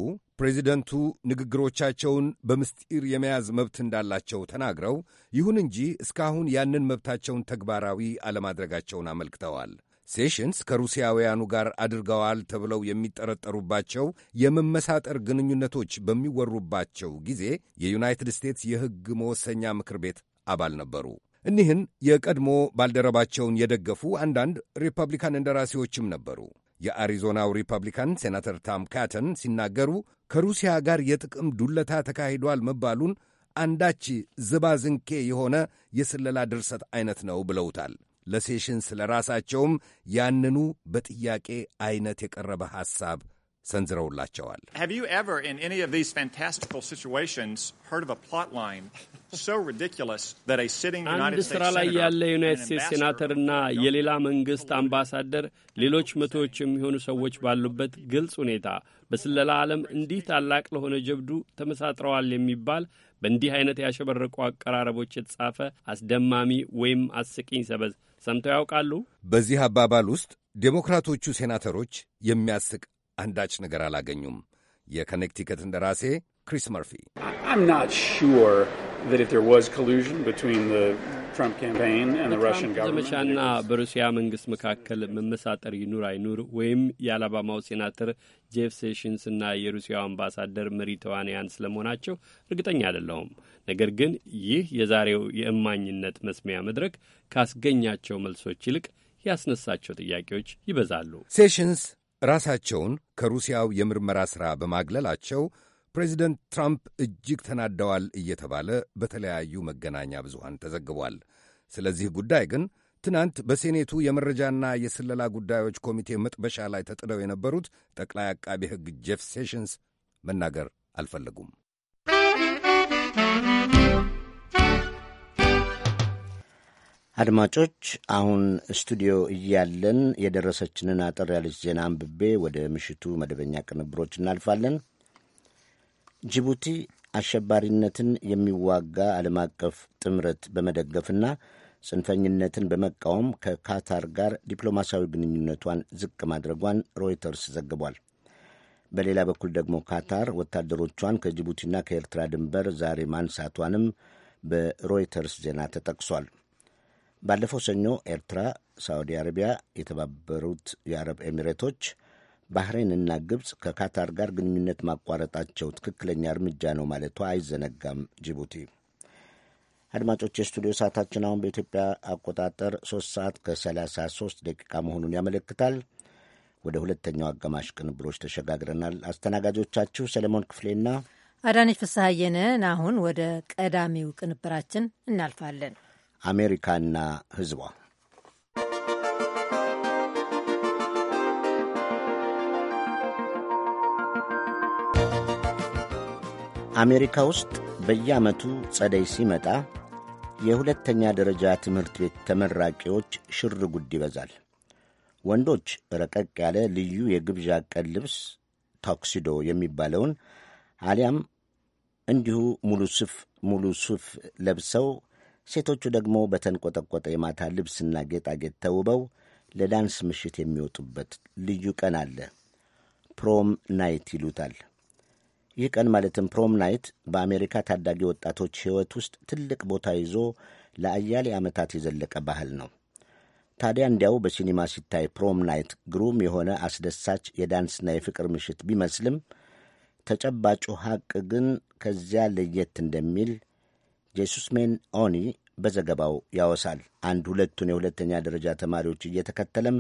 ፕሬዚደንቱ ንግግሮቻቸውን በምስጢር የመያዝ መብት እንዳላቸው ተናግረው፣ ይሁን እንጂ እስካሁን ያንን መብታቸውን ተግባራዊ አለማድረጋቸውን አመልክተዋል። ሴሽንስ ከሩሲያውያኑ ጋር አድርገዋል ተብለው የሚጠረጠሩባቸው የመመሳጠር ግንኙነቶች በሚወሩባቸው ጊዜ የዩናይትድ ስቴትስ የሕግ መወሰኛ ምክር ቤት አባል ነበሩ። እኒህን የቀድሞ ባልደረባቸውን የደገፉ አንዳንድ ሪፐብሊካን እንደራሴዎችም ነበሩ። የአሪዞናው ሪፐብሊካን ሴናተር ታም ካተን ሲናገሩ ከሩሲያ ጋር የጥቅም ዱለታ ተካሂዷል መባሉን አንዳች ዝባዝንኬ የሆነ የስለላ ድርሰት አይነት ነው ብለውታል። ለሴሽንስ ለራሳቸውም ያንኑ በጥያቄ አይነት የቀረበ ሐሳብ ሰንዝረውላቸዋል። አንድ ስራ ላይ ያለ የዩናይት ስቴትስ ሴናተርና የሌላ መንግሥት አምባሳደር ሌሎች መቶዎች የሚሆኑ ሰዎች ባሉበት ግልጽ ሁኔታ በስለላ ዓለም እንዲህ ታላቅ ለሆነ ጀብዱ ተመሳጥረዋል የሚባል በእንዲህ አይነት ያሸበረቁ አቀራረቦች የተጻፈ አስደማሚ ወይም አስቂኝ ሰበዝ ሰምተው ያውቃሉ? በዚህ አባባል ውስጥ ዴሞክራቶቹ ሴናተሮች የሚያስቅ አንዳች ነገር አላገኙም። የከኔክቲከት እንደራሴ ክሪስ መርፊ that if there was collusion between the Trump campaign and the Russian government ዘመቻና በሩሲያ መንግስት መካከል መመሳጠር ይኑር አይኑር ወይም የአላባማው ሴናተር ጄፍ ሴሽንስ እና የሩሲያው አምባሳደር መሪ ተዋንያን ስለመሆናቸው እርግጠኛ አይደለሁም። ነገር ግን ይህ የዛሬው የእማኝነት መስሚያ መድረክ ካስገኛቸው መልሶች ይልቅ ያስነሳቸው ጥያቄዎች ይበዛሉ። ሴሽንስ ራሳቸውን ከሩሲያው የምርመራ ሥራ በማግለላቸው ፕሬዚደንት ትራምፕ እጅግ ተናደዋል እየተባለ በተለያዩ መገናኛ ብዙሃን ተዘግቧል። ስለዚህ ጉዳይ ግን ትናንት በሴኔቱ የመረጃና የስለላ ጉዳዮች ኮሚቴ መጥበሻ ላይ ተጥለው የነበሩት ጠቅላይ አቃቤ ሕግ ጄፍ ሴሽንስ መናገር አልፈለጉም። አድማጮች፣ አሁን ስቱዲዮ እያለን የደረሰችንን አጠር ያለች ዜና አንብቤ ወደ ምሽቱ መደበኛ ቅንብሮች እናልፋለን። ጅቡቲ አሸባሪነትን የሚዋጋ ዓለም አቀፍ ጥምረት በመደገፍና ጽንፈኝነትን በመቃወም ከካታር ጋር ዲፕሎማሲያዊ ግንኙነቷን ዝቅ ማድረጓን ሮይተርስ ዘግቧል። በሌላ በኩል ደግሞ ካታር ወታደሮቿን ከጅቡቲና ከኤርትራ ድንበር ዛሬ ማንሳቷንም በሮይተርስ ዜና ተጠቅሷል። ባለፈው ሰኞ ኤርትራ፣ ሳዑዲ አረቢያ፣ የተባበሩት የአረብ ኤሚሬቶች ባህሬንና ግብፅ ከካታር ጋር ግንኙነት ማቋረጣቸው ትክክለኛ እርምጃ ነው ማለቷ አይዘነጋም። ጅቡቲ አድማጮች፣ የስቱዲዮ ሰዓታችን አሁን በኢትዮጵያ አቆጣጠር 3 ሰዓት ከ33 ደቂቃ መሆኑን ያመለክታል። ወደ ሁለተኛው አጋማሽ ቅንብሮች ተሸጋግረናል። አስተናጋጆቻችሁ ሰለሞን ክፍሌና አዳነች ፍስሐየንን። አሁን ወደ ቀዳሚው ቅንብራችን እናልፋለን። አሜሪካና ህዝቧ አሜሪካ ውስጥ በየዓመቱ ጸደይ ሲመጣ የሁለተኛ ደረጃ ትምህርት ቤት ተመራቂዎች ሽር ጉድ ይበዛል። ወንዶች ረቀቅ ያለ ልዩ የግብዣ ቀን ልብስ ታክሲዶ የሚባለውን አሊያም እንዲሁ ሙሉ ሱፍ ሙሉ ሱፍ ለብሰው፣ ሴቶቹ ደግሞ በተንቆጠቆጠ የማታ ልብስና ጌጣጌጥ ተውበው ለዳንስ ምሽት የሚወጡበት ልዩ ቀን አለ። ፕሮም ናይት ይሉታል። ይህ ቀን ማለትም ፕሮም ናይት በአሜሪካ ታዳጊ ወጣቶች ሕይወት ውስጥ ትልቅ ቦታ ይዞ ለአያሌ ዓመታት የዘለቀ ባህል ነው። ታዲያ እንዲያው በሲኒማ ሲታይ ፕሮም ናይት ግሩም የሆነ አስደሳች የዳንስና የፍቅር ምሽት ቢመስልም ተጨባጩ ሐቅ ግን ከዚያ ለየት እንደሚል ጄሱስ ሜን ኦኒ በዘገባው ያወሳል። አንድ ሁለቱን የሁለተኛ ደረጃ ተማሪዎች እየተከተለም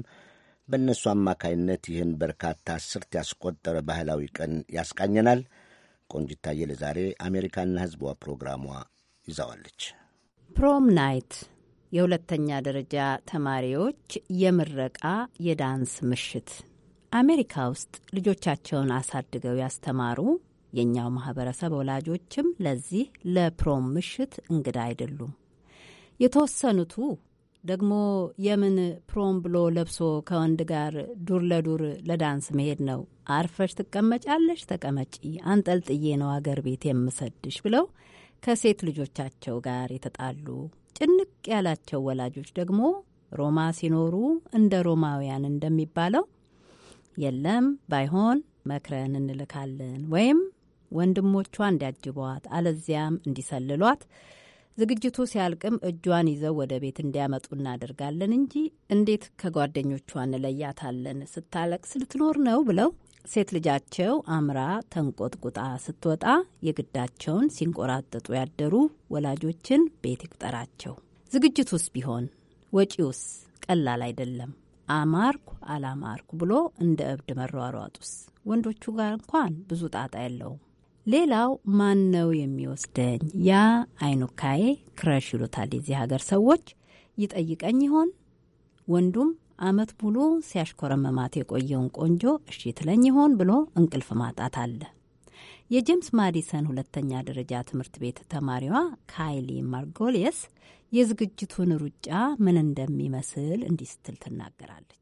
በእነሱ አማካይነት ይህን በርካታ አስርት ያስቆጠረ ባህላዊ ቀን ያስቃኘናል። ቆንጅታየ ለዛሬ አሜሪካና ህዝቧ ፕሮግራሟ ይዛዋለች። ፕሮም ናይት የሁለተኛ ደረጃ ተማሪዎች የምረቃ የዳንስ ምሽት አሜሪካ ውስጥ ልጆቻቸውን አሳድገው ያስተማሩ የእኛው ማህበረሰብ ወላጆችም ለዚህ ለፕሮም ምሽት እንግዳ አይደሉም። የተወሰኑቱ ደግሞ የምን ፕሮም ብሎ ለብሶ ከወንድ ጋር ዱር ለዱር ለዳንስ መሄድ ነው? አርፈሽ ትቀመጫለሽ? ተቀመጪ፣ አንጠልጥዬ ነው አገር ቤት የምሰድሽ ብለው ከሴት ልጆቻቸው ጋር የተጣሉ ጭንቅ ያላቸው ወላጆች ደግሞ ሮማ ሲኖሩ እንደ ሮማውያን እንደሚባለው የለም ባይሆን መክረን እንልካለን ወይም ወንድሞቿ እንዲያጅቧት አለዚያም እንዲሰልሏት ዝግጅቱ ሲያልቅም እጇን ይዘው ወደ ቤት እንዲያመጡ እናደርጋለን እንጂ እንዴት ከጓደኞቿ እንለያታለን? ስታለቅስ ልትኖር ነው ብለው ሴት ልጃቸው አምራ ተንቆጥቁጣ ስትወጣ የግዳቸውን ሲንቆራጠጡ ያደሩ ወላጆችን ቤት ይቁጠራቸው። ዝግጅቱስ ቢሆን ወጪውስ ቀላል አይደለም። አማርኩ አላማርኩ ብሎ እንደ እብድ መሯሯጡስ ወንዶቹ ጋር እንኳን ብዙ ጣጣ የለውም። ሌላው ማን ነው የሚወስደኝ? ያ አይኑካዬ ክረሽ ይሉታል የዚህ ሀገር ሰዎች ይጠይቀኝ ይሆን? ወንዱም አመት ሙሉ ሲያሽኮረመማት የቆየውን ቆንጆ እሺ ትለኝ ይሆን ብሎ እንቅልፍ ማጣት አለ። የጄምስ ማዲሰን ሁለተኛ ደረጃ ትምህርት ቤት ተማሪዋ ካይሊ ማርጎሊየስ የዝግጅቱን ሩጫ ምን እንደሚመስል እንዲህ ስትል ትናገራለች።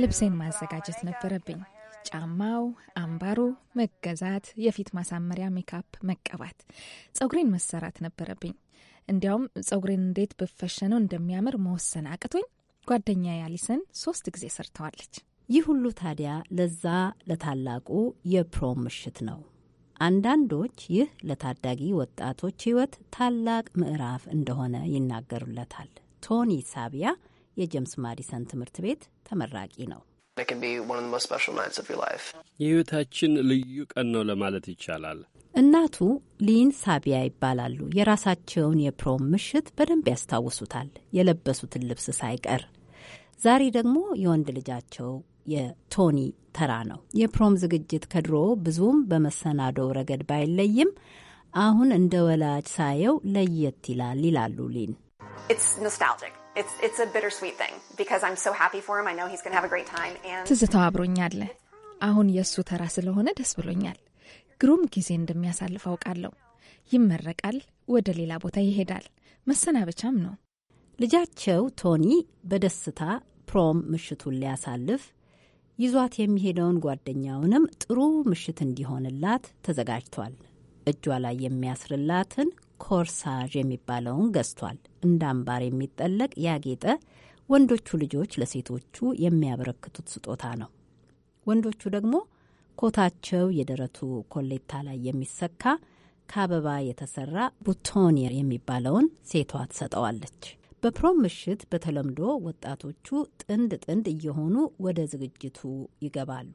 ልብሴን ማዘጋጀት ነበረብኝ። ጫማው፣ አምባሩ፣ መገዛት፣ የፊት ማሳመሪያ ሜካፕ መቀባት፣ ጸጉሬን መሰራት ነበረብኝ። እንዲያውም ጸጉሬን እንዴት ብፈሸነው እንደሚያምር መወሰን አቅቶኝ ጓደኛ ያሊሰን ሶስት ጊዜ ሰርተዋለች። ይህ ሁሉ ታዲያ ለዛ ለታላቁ የፕሮም ምሽት ነው። አንዳንዶች ይህ ለታዳጊ ወጣቶች ሕይወት ታላቅ ምዕራፍ እንደሆነ ይናገሩለታል። ቶኒ ሳቢያ የጄምስ ማዲሰን ትምህርት ቤት ተመራቂ ነው። የህይወታችን ልዩ ቀን ነው ለማለት ይቻላል። እናቱ ሊን ሳቢያ ይባላሉ። የራሳቸውን የፕሮም ምሽት በደንብ ያስታውሱታል፣ የለበሱትን ልብስ ሳይቀር። ዛሬ ደግሞ የወንድ ልጃቸው የቶኒ ተራ ነው። የፕሮም ዝግጅት ከድሮ ብዙም በመሰናዶው ረገድ ባይለይም አሁን እንደ ወላጅ ሳየው ለየት ይላል ይላሉ ሊን። ትዝታ አብሮኛለ። አሁን የእሱ ተራ ስለሆነ ደስ ብሎኛል። ግሩም ጊዜ እንደሚያሳልፍ አውቃለሁ። ይመረቃል፣ ወደ ሌላ ቦታ ይሄዳል። መሰናበቻም ነው። ልጃቸው ቶኒ በደስታ ፕሮም ምሽቱን ሊያሳልፍ ይዟት የሚሄደውን ጓደኛውንም ጥሩ ምሽት እንዲሆንላት ተዘጋጅቷል። እጇ ላይ የሚያስርላትን ኮርሳዥ የሚባለውን ገዝቷል። እንደ አምባር የሚጠለቅ ያጌጠ ወንዶቹ ልጆች ለሴቶቹ የሚያበረክቱት ስጦታ ነው። ወንዶቹ ደግሞ ኮታቸው የደረቱ ኮሌታ ላይ የሚሰካ ከአበባ የተሰራ ቡቶኒየር የሚባለውን ሴቷ ትሰጠዋለች። በፕሮም ምሽት በተለምዶ ወጣቶቹ ጥንድ ጥንድ እየሆኑ ወደ ዝግጅቱ ይገባሉ።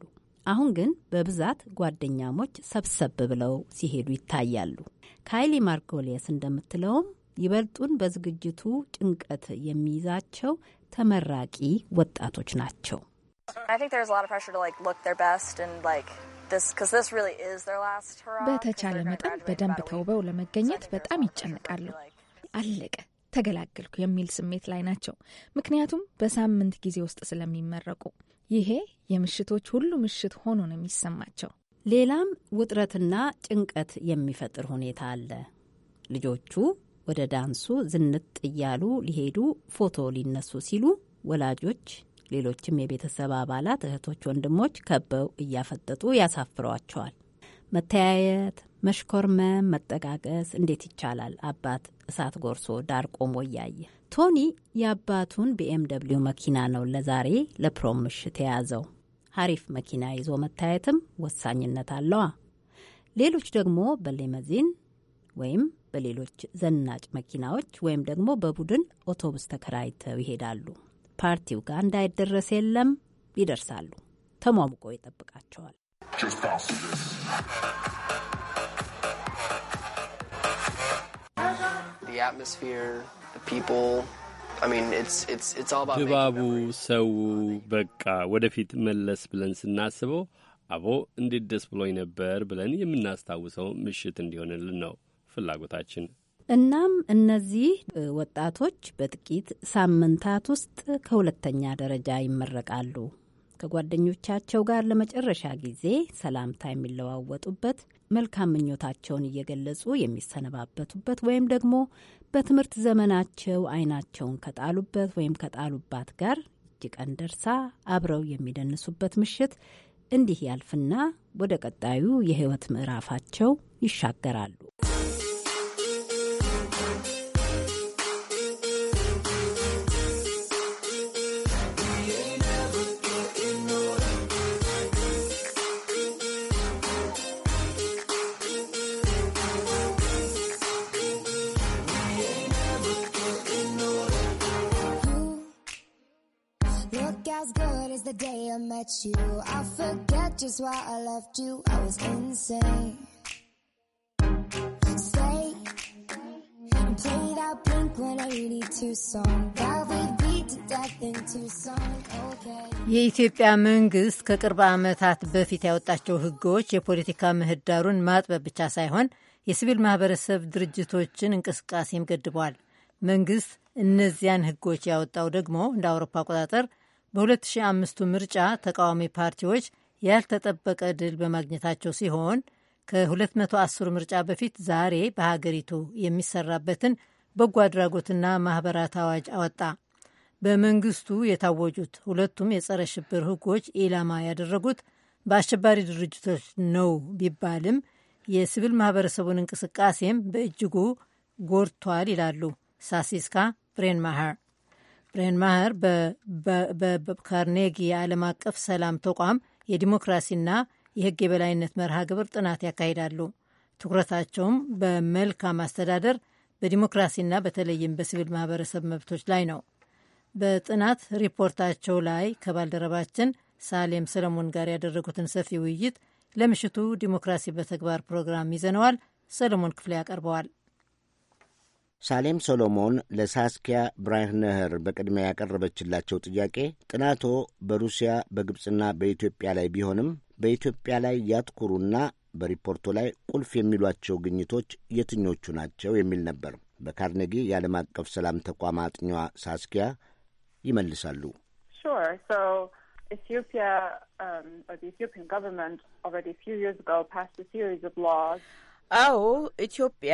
አሁን ግን በብዛት ጓደኛሞች ሰብሰብ ብለው ሲሄዱ ይታያሉ። ካይሊ ማርኮሊየስ እንደምትለውም ይበልጡን በዝግጅቱ ጭንቀት የሚይዛቸው ተመራቂ ወጣቶች ናቸው። በተቻለ መጠን በደንብ ተውበው ለመገኘት በጣም ይጨነቃሉ። አለቀ ተገላገልኩ የሚል ስሜት ላይ ናቸው። ምክንያቱም በሳምንት ጊዜ ውስጥ ስለሚመረቁ ይሄ የምሽቶች ሁሉ ምሽት ሆኖ ነው የሚሰማቸው። ሌላም ውጥረትና ጭንቀት የሚፈጥር ሁኔታ አለ። ልጆቹ ወደ ዳንሱ ዝንጥ እያሉ ሊሄዱ ፎቶ ሊነሱ ሲሉ ወላጆች፣ ሌሎችም የቤተሰብ አባላት እህቶች፣ ወንድሞች ከበው እያፈጠጡ ያሳፍሯቸዋል። መተያየት፣ መሽኮርመም፣ መጠቃቀስ እንዴት ይቻላል? አባት እሳት ጎርሶ ዳር ቆሞ እያየ። ቶኒ የአባቱን ቢኤምደብሊው መኪና ነው ለዛሬ ለፕሮም ምሽት የያዘው። አሪፍ መኪና ይዞ መታየትም ወሳኝነት አለዋ። ሌሎች ደግሞ በሌመዚን ወይም በሌሎች ዘናጭ መኪናዎች ወይም ደግሞ በቡድን አውቶቡስ ተከራይተው ይሄዳሉ። ፓርቲው ጋር እንዳይደረስ የለም። ይደርሳሉ። ተሟሙቆ ይጠብቃቸዋል። The atmosphere, the people. ድባቡ፣ ሰው በቃ ወደፊት መለስ ብለን ስናስበው አቦ እንዴት ደስ ብሎኝ ነበር ብለን የምናስታውሰው ምሽት እንዲሆንልን ነው ፍላጎታችን። እናም እነዚህ ወጣቶች በጥቂት ሳምንታት ውስጥ ከሁለተኛ ደረጃ ይመረቃሉ። ከጓደኞቻቸው ጋር ለመጨረሻ ጊዜ ሰላምታ የሚለዋወጡበት መልካም ምኞታቸውን እየገለጹ የሚሰነባበቱበት ወይም ደግሞ በትምህርት ዘመናቸው አይናቸውን ከጣሉበት ወይም ከጣሉባት ጋር እጅ ቀን ደርሳ አብረው የሚደንሱበት ምሽት እንዲህ ያልፍና ወደ ቀጣዩ የህይወት ምዕራፋቸው ይሻገራሉ። day I met you I forget just why I left you I was insane Stay and play that Pink 182 song That we beat to death in Tucson Okay የኢትዮጵያ መንግስት ከቅርብ ዓመታት በፊት ያወጣቸው ህጎች የፖለቲካ ምህዳሩን ማጥበብ ብቻ ሳይሆን የሲቪል ማህበረሰብ ድርጅቶችን እንቅስቃሴም ገድበዋል። መንግስት እነዚያን ህጎች ያወጣው ደግሞ እንደ አውሮፓ አቆጣጠር በ2005ቱ ምርጫ ተቃዋሚ ፓርቲዎች ያልተጠበቀ ድል በማግኘታቸው ሲሆን ከ210 ምርጫ በፊት ዛሬ በሀገሪቱ የሚሰራበትን በጎ አድራጎትና ማኅበራት አዋጅ አወጣ። በመንግስቱ የታወጁት ሁለቱም የጸረ ሽብር ህጎች ኢላማ ያደረጉት በአሸባሪ ድርጅቶች ነው ቢባልም የሲቪል ማኅበረሰቡን እንቅስቃሴም በእጅጉ ጎድቷል ይላሉ ሳሲስካ ብሬንማሃር። ብርሄን ማህር በካርኔጊ የዓለም አቀፍ ሰላም ተቋም የዲሞክራሲና የህግ የበላይነት መርሃ ግብር ጥናት ያካሂዳሉ። ትኩረታቸውም በመልካም አስተዳደር በዲሞክራሲና በተለይም በሲቪል ማህበረሰብ መብቶች ላይ ነው። በጥናት ሪፖርታቸው ላይ ከባልደረባችን ሳሌም ሰለሞን ጋር ያደረጉትን ሰፊ ውይይት ለምሽቱ ዲሞክራሲ በተግባር ፕሮግራም ይዘነዋል። ሰለሞን ክፍሌ ያቀርበዋል። ሳሌም ሶሎሞን ለሳስኪያ ብራይነህር በቅድሚያ ያቀረበችላቸው ጥያቄ ጥናቶ በሩሲያ በግብፅና በኢትዮጵያ ላይ ቢሆንም በኢትዮጵያ ላይ ያትኩሩና በሪፖርቱ ላይ ቁልፍ የሚሏቸው ግኝቶች የትኞቹ ናቸው የሚል ነበር። በካርኔጊ የዓለም አቀፍ ሰላም ተቋም አጥኚዋ ሳስኪያ ይመልሳሉ። ኢትዮጵያ ኢትዮጵያን um, አዎ ኢትዮጵያ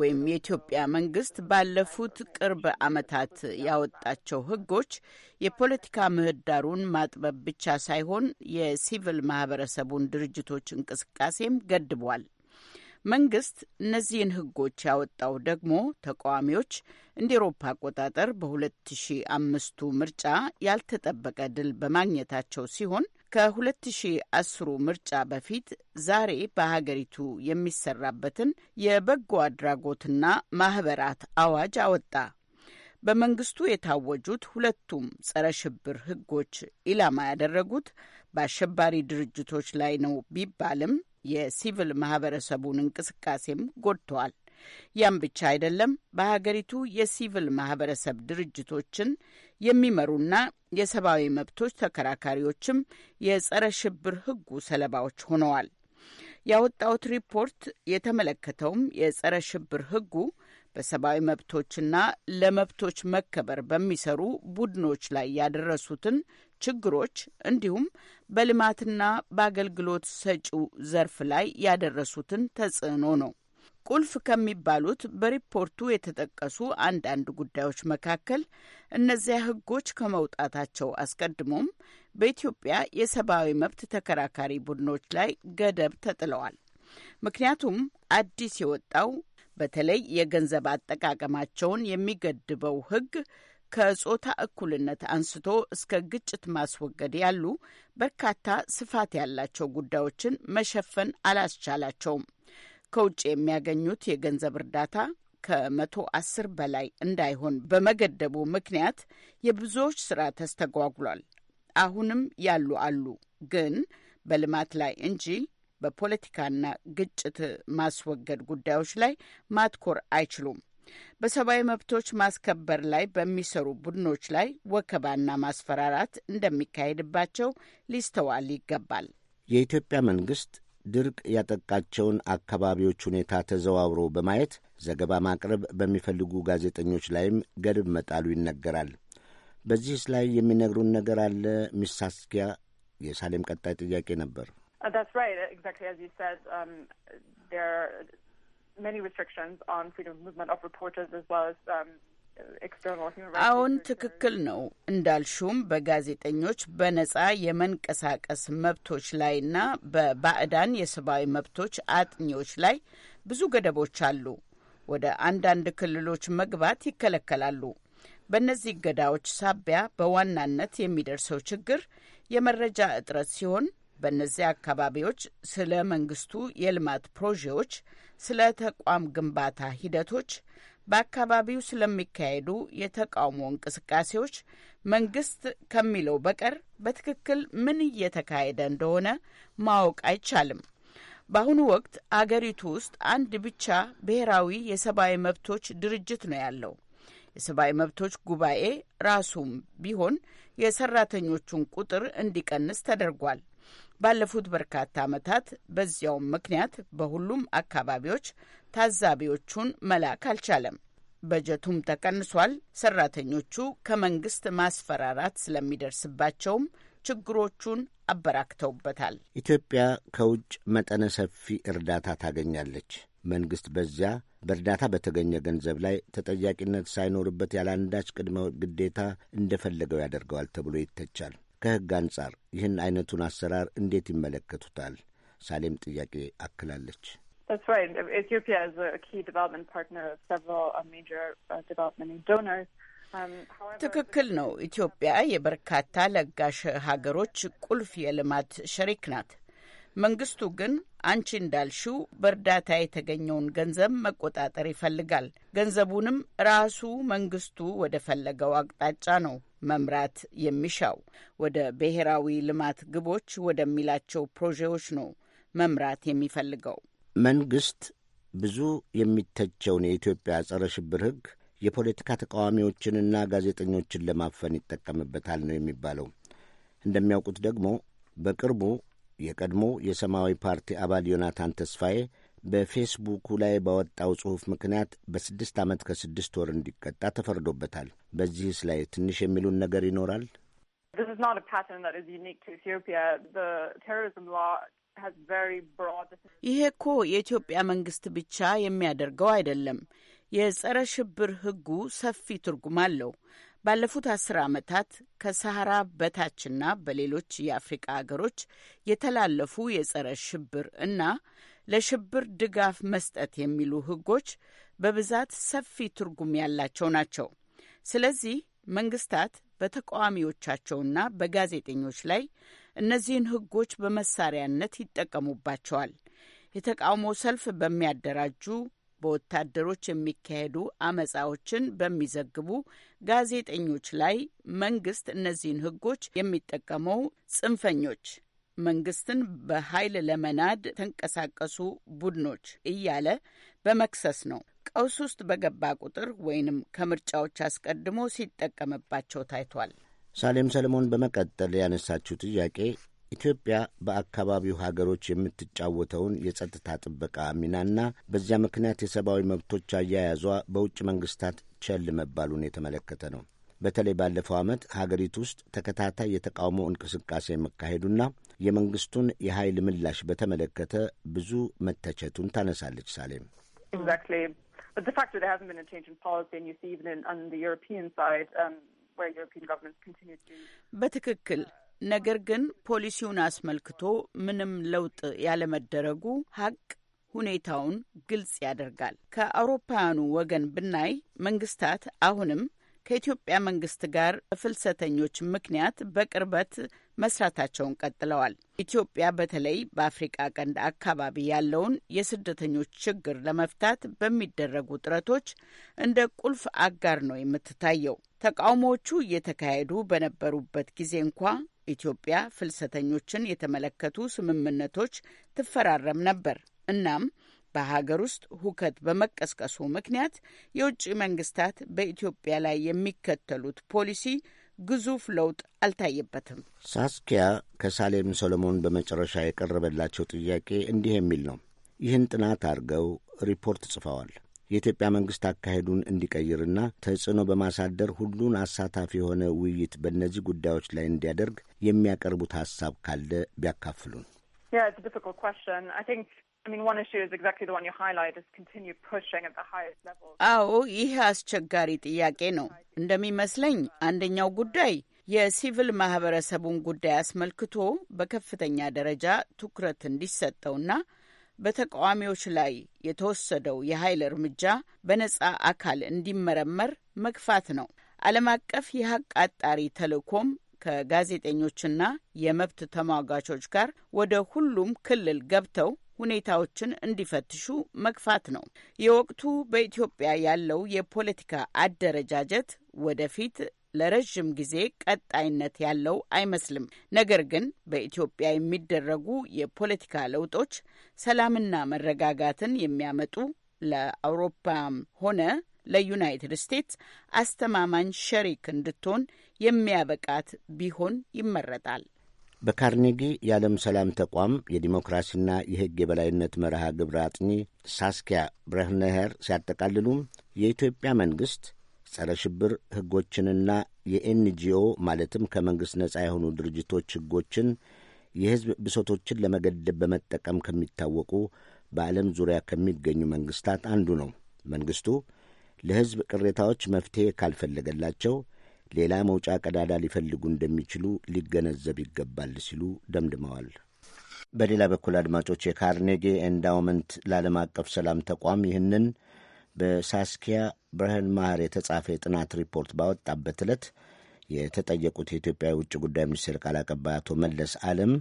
ወይም የኢትዮጵያ መንግስት ባለፉት ቅርብ ዓመታት ያወጣቸው ህጎች የፖለቲካ ምህዳሩን ማጥበብ ብቻ ሳይሆን የሲቪል ማህበረሰቡን ድርጅቶች እንቅስቃሴም ገድቧል። መንግስት እነዚህን ህጎች ያወጣው ደግሞ ተቃዋሚዎች እንደ ኤሮፓ አቆጣጠር በ2005ቱ ምርጫ ያልተጠበቀ ድል በማግኘታቸው ሲሆን ከ2010 ምርጫ በፊት ዛሬ በሀገሪቱ የሚሰራበትን የበጎ አድራጎትና ማህበራት አዋጅ አወጣ። በመንግስቱ የታወጁት ሁለቱም ጸረ ሽብር ህጎች ኢላማ ያደረጉት በአሸባሪ ድርጅቶች ላይ ነው ቢባልም የሲቪል ማህበረሰቡን እንቅስቃሴም ጎድተዋል። ያም ብቻ አይደለም። በሀገሪቱ የሲቪል ማህበረሰብ ድርጅቶችን የሚመሩና የሰብአዊ መብቶች ተከራካሪዎችም የጸረ ሽብር ህጉ ሰለባዎች ሆነዋል። ያወጣሁት ሪፖርት የተመለከተውም የጸረ ሽብር ህጉ በሰብአዊ መብቶችና ለመብቶች መከበር በሚሰሩ ቡድኖች ላይ ያደረሱትን ችግሮች እንዲሁም በልማትና በአገልግሎት ሰጪው ዘርፍ ላይ ያደረሱትን ተጽዕኖ ነው። ቁልፍ ከሚባሉት በሪፖርቱ የተጠቀሱ አንዳንድ ጉዳዮች መካከል እነዚያ ሕጎች ከመውጣታቸው አስቀድሞም በኢትዮጵያ የሰብአዊ መብት ተከራካሪ ቡድኖች ላይ ገደብ ተጥለዋል። ምክንያቱም አዲስ የወጣው በተለይ የገንዘብ አጠቃቀማቸውን የሚገድበው ሕግ ከጾታ እኩልነት አንስቶ እስከ ግጭት ማስወገድ ያሉ በርካታ ስፋት ያላቸው ጉዳዮችን መሸፈን አላስቻላቸውም። ከውጭ የሚያገኙት የገንዘብ እርዳታ ከመቶ አስር በላይ እንዳይሆን በመገደቡ ምክንያት የብዙዎች ስራ ተስተጓጉሏል። አሁንም ያሉ አሉ፣ ግን በልማት ላይ እንጂ በፖለቲካና ግጭት ማስወገድ ጉዳዮች ላይ ማትኮር አይችሉም። በሰብአዊ መብቶች ማስከበር ላይ በሚሰሩ ቡድኖች ላይ ወከባና ማስፈራራት እንደሚካሄድባቸው ሊስተዋል ይገባል። የኢትዮጵያ መንግስት ድርቅ ያጠቃቸውን አካባቢዎች ሁኔታ ተዘዋውሮ በማየት ዘገባ ማቅረብ በሚፈልጉ ጋዜጠኞች ላይም ገድብ መጣሉ ይነገራል። በዚህስ ላይ የሚነግሩን ነገር አለ? ሚስ ሳስኪያ፣ የሳሌም ቀጣይ ጥያቄ ነበር። ኦን uh, አሁን ትክክል ነው እንዳልሹም በጋዜጠኞች በነጻ የመንቀሳቀስ መብቶች ላይና በባዕዳን የሰብአዊ መብቶች አጥኚዎች ላይ ብዙ ገደቦች አሉ። ወደ አንዳንድ ክልሎች መግባት ይከለከላሉ። በእነዚህ እገዳዎች ሳቢያ በዋናነት የሚደርሰው ችግር የመረጃ እጥረት ሲሆን በእነዚህ አካባቢዎች ስለ መንግስቱ የልማት ፕሮጀዎች ስለ ተቋም ግንባታ ሂደቶች በአካባቢው ስለሚካሄዱ የተቃውሞ እንቅስቃሴዎች መንግስት ከሚለው በቀር በትክክል ምን እየተካሄደ እንደሆነ ማወቅ አይቻልም። በአሁኑ ወቅት አገሪቱ ውስጥ አንድ ብቻ ብሔራዊ የሰብአዊ መብቶች ድርጅት ነው ያለው። የሰብአዊ መብቶች ጉባኤ ራሱም ቢሆን የሰራተኞቹን ቁጥር እንዲቀንስ ተደርጓል። ባለፉት በርካታ ዓመታት በዚያውም ምክንያት በሁሉም አካባቢዎች ታዛቢዎቹን መላክ አልቻለም። በጀቱም ተቀንሷል። ሰራተኞቹ ከመንግስት ማስፈራራት ስለሚደርስባቸውም ችግሮቹን አበራክተውበታል። ኢትዮጵያ ከውጭ መጠነ ሰፊ እርዳታ ታገኛለች። መንግስት በዚያ በእርዳታ በተገኘ ገንዘብ ላይ ተጠያቂነት ሳይኖርበት ያለ አንዳች ቅድመ ግዴታ እንደፈለገው ያደርገዋል ተብሎ ይተቻል። ከሕግ አንጻር ይህን አይነቱን አሰራር እንዴት ይመለከቱታል? ሳሌም ጥያቄ አክላለች። uh, uh, um, ትክክል ነው። ኢትዮጵያ የበርካታ ለጋሽ ሀገሮች ቁልፍ የልማት ሸሪክ ናት። መንግስቱ ግን አንቺ እንዳልሽው በእርዳታ የተገኘውን ገንዘብ መቆጣጠር ይፈልጋል። ገንዘቡንም ራሱ መንግስቱ ወደ ፈለገው አቅጣጫ ነው መምራት የሚሻው ወደ ብሔራዊ ልማት ግቦች ወደሚላቸው ፕሮጀዎች ነው መምራት የሚፈልገው። መንግስት ብዙ የሚተቸውን የኢትዮጵያ ጸረ ሽብር ሕግ የፖለቲካ ተቃዋሚዎችንና ጋዜጠኞችን ለማፈን ይጠቀምበታል ነው የሚባለው። እንደሚያውቁት ደግሞ በቅርቡ የቀድሞ የሰማያዊ ፓርቲ አባል ዮናታን ተስፋዬ በፌስቡኩ ላይ ባወጣው ጽሑፍ ምክንያት በስድስት ዓመት ከስድስት ወር እንዲቀጣ ተፈርዶበታል። በዚህስ ላይ ትንሽ የሚሉን ነገር ይኖራል? ይሄ እኮ የኢትዮጵያ መንግስት ብቻ የሚያደርገው አይደለም። የጸረ ሽብር ህጉ ሰፊ ትርጉም አለው። ባለፉት አስር ዓመታት ከሰሐራ በታችና በሌሎች የአፍሪቃ አገሮች የተላለፉ የጸረ ሽብር እና ለሽብር ድጋፍ መስጠት የሚሉ ህጎች በብዛት ሰፊ ትርጉም ያላቸው ናቸው። ስለዚህ መንግስታት በተቃዋሚዎቻቸውና በጋዜጠኞች ላይ እነዚህን ህጎች በመሳሪያነት ይጠቀሙባቸዋል። የተቃውሞ ሰልፍ በሚያደራጁ በወታደሮች የሚካሄዱ አመፃዎችን በሚዘግቡ ጋዜጠኞች ላይ መንግስት እነዚህን ህጎች የሚጠቀመው ጽንፈኞች መንግስትን በኃይል ለመናድ ተንቀሳቀሱ ቡድኖች እያለ በመክሰስ ነው ቀውስ ውስጥ በገባ ቁጥር ወይንም ከምርጫዎች አስቀድሞ ሲጠቀምባቸው ታይቷል። ሳሌም ሰለሞን በመቀጠል ያነሳችው ጥያቄ ኢትዮጵያ በአካባቢው ሀገሮች የምትጫወተውን የጸጥታ ጥበቃ ሚናና በዚያ ምክንያት የሰብአዊ መብቶች አያያዟ በውጭ መንግስታት ቸል መባሉን የተመለከተ ነው። በተለይ ባለፈው ዓመት ሀገሪቱ ውስጥ ተከታታይ የተቃውሞ እንቅስቃሴ መካሄዱና የመንግስቱን የኃይል ምላሽ በተመለከተ ብዙ መተቸቱን ታነሳለች። ሳሌም um, በትክክል ነገር ግን ፖሊሲውን አስመልክቶ ምንም ለውጥ ያለመደረጉ ሀቅ ሁኔታውን ግልጽ ያደርጋል። ከአውሮፓውያኑ ወገን ብናይ መንግስታት አሁንም ከኢትዮጵያ መንግስት ጋር በፍልሰተኞች ምክንያት በቅርበት መስራታቸውን ቀጥለዋል። ኢትዮጵያ በተለይ በአፍሪቃ ቀንድ አካባቢ ያለውን የስደተኞች ችግር ለመፍታት በሚደረጉ ጥረቶች እንደ ቁልፍ አጋር ነው የምትታየው። ተቃውሞዎቹ እየተካሄዱ በነበሩበት ጊዜ እንኳ ኢትዮጵያ ፍልሰተኞችን የተመለከቱ ስምምነቶች ትፈራረም ነበር። እናም በሀገር ውስጥ ሁከት በመቀስቀሱ ምክንያት የውጭ መንግስታት በኢትዮጵያ ላይ የሚከተሉት ፖሊሲ ግዙፍ ለውጥ አልታየበትም። ሳስኪያ ከሳሌም ሰሎሞን በመጨረሻ የቀረበላቸው ጥያቄ እንዲህ የሚል ነው። ይህን ጥናት አድርገው ሪፖርት ጽፈዋል። የኢትዮጵያ መንግስት አካሄዱን እንዲቀይርና ተጽዕኖ በማሳደር ሁሉን አሳታፊ የሆነ ውይይት በእነዚህ ጉዳዮች ላይ እንዲያደርግ የሚያቀርቡት ሀሳብ ካለ ቢያካፍሉን። አዎ ይህ አስቸጋሪ ጥያቄ ነው። እንደሚመስለኝ አንደኛው ጉዳይ የሲቪል ማህበረሰቡን ጉዳይ አስመልክቶ በከፍተኛ ደረጃ ትኩረት እንዲሰጠውና በተቃዋሚዎች ላይ የተወሰደው የኃይል እርምጃ በነጻ አካል እንዲመረመር መግፋት ነው። ዓለም አቀፍ የሀቅ አጣሪ ተልእኮም ከጋዜጠኞችና የመብት ተሟጋቾች ጋር ወደ ሁሉም ክልል ገብተው ሁኔታዎችን እንዲፈትሹ መግፋት ነው። የወቅቱ በኢትዮጵያ ያለው የፖለቲካ አደረጃጀት ወደፊት ለረዥም ጊዜ ቀጣይነት ያለው አይመስልም። ነገር ግን በኢትዮጵያ የሚደረጉ የፖለቲካ ለውጦች ሰላምና መረጋጋትን የሚያመጡ ለአውሮፓም ሆነ ለዩናይትድ ስቴትስ አስተማማኝ ሸሪክ እንድትሆን የሚያበቃት ቢሆን ይመረጣል። በካርኔጊ የዓለም ሰላም ተቋም የዲሞክራሲና የሕግ የበላይነት መርሃ ግብር አጥኚ ሳስኪያ ብረህነሄር ሲያጠቃልሉም የኢትዮጵያ መንግሥት ጸረ ሽብር ሕጎችንና የኤንጂኦ ማለትም ከመንግሥት ነጻ የሆኑ ድርጅቶች ሕጎችን የሕዝብ ብሶቶችን ለመገደብ በመጠቀም ከሚታወቁ በዓለም ዙሪያ ከሚገኙ መንግሥታት አንዱ ነው። መንግሥቱ ለሕዝብ ቅሬታዎች መፍትሔ ካልፈለገላቸው ሌላ መውጫ ቀዳዳ ሊፈልጉ እንደሚችሉ ሊገነዘብ ይገባል ሲሉ ደምድመዋል። በሌላ በኩል አድማጮች የካርኔጌ ኤንዳውመንት ለዓለም አቀፍ ሰላም ተቋም ይህንን በሳስኪያ ብርሃን ማህር የተጻፈ የጥናት ሪፖርት ባወጣበት ዕለት የተጠየቁት የኢትዮጵያ የውጭ ጉዳይ ሚኒስቴር ቃል አቀባይ አቶ መለስ አለም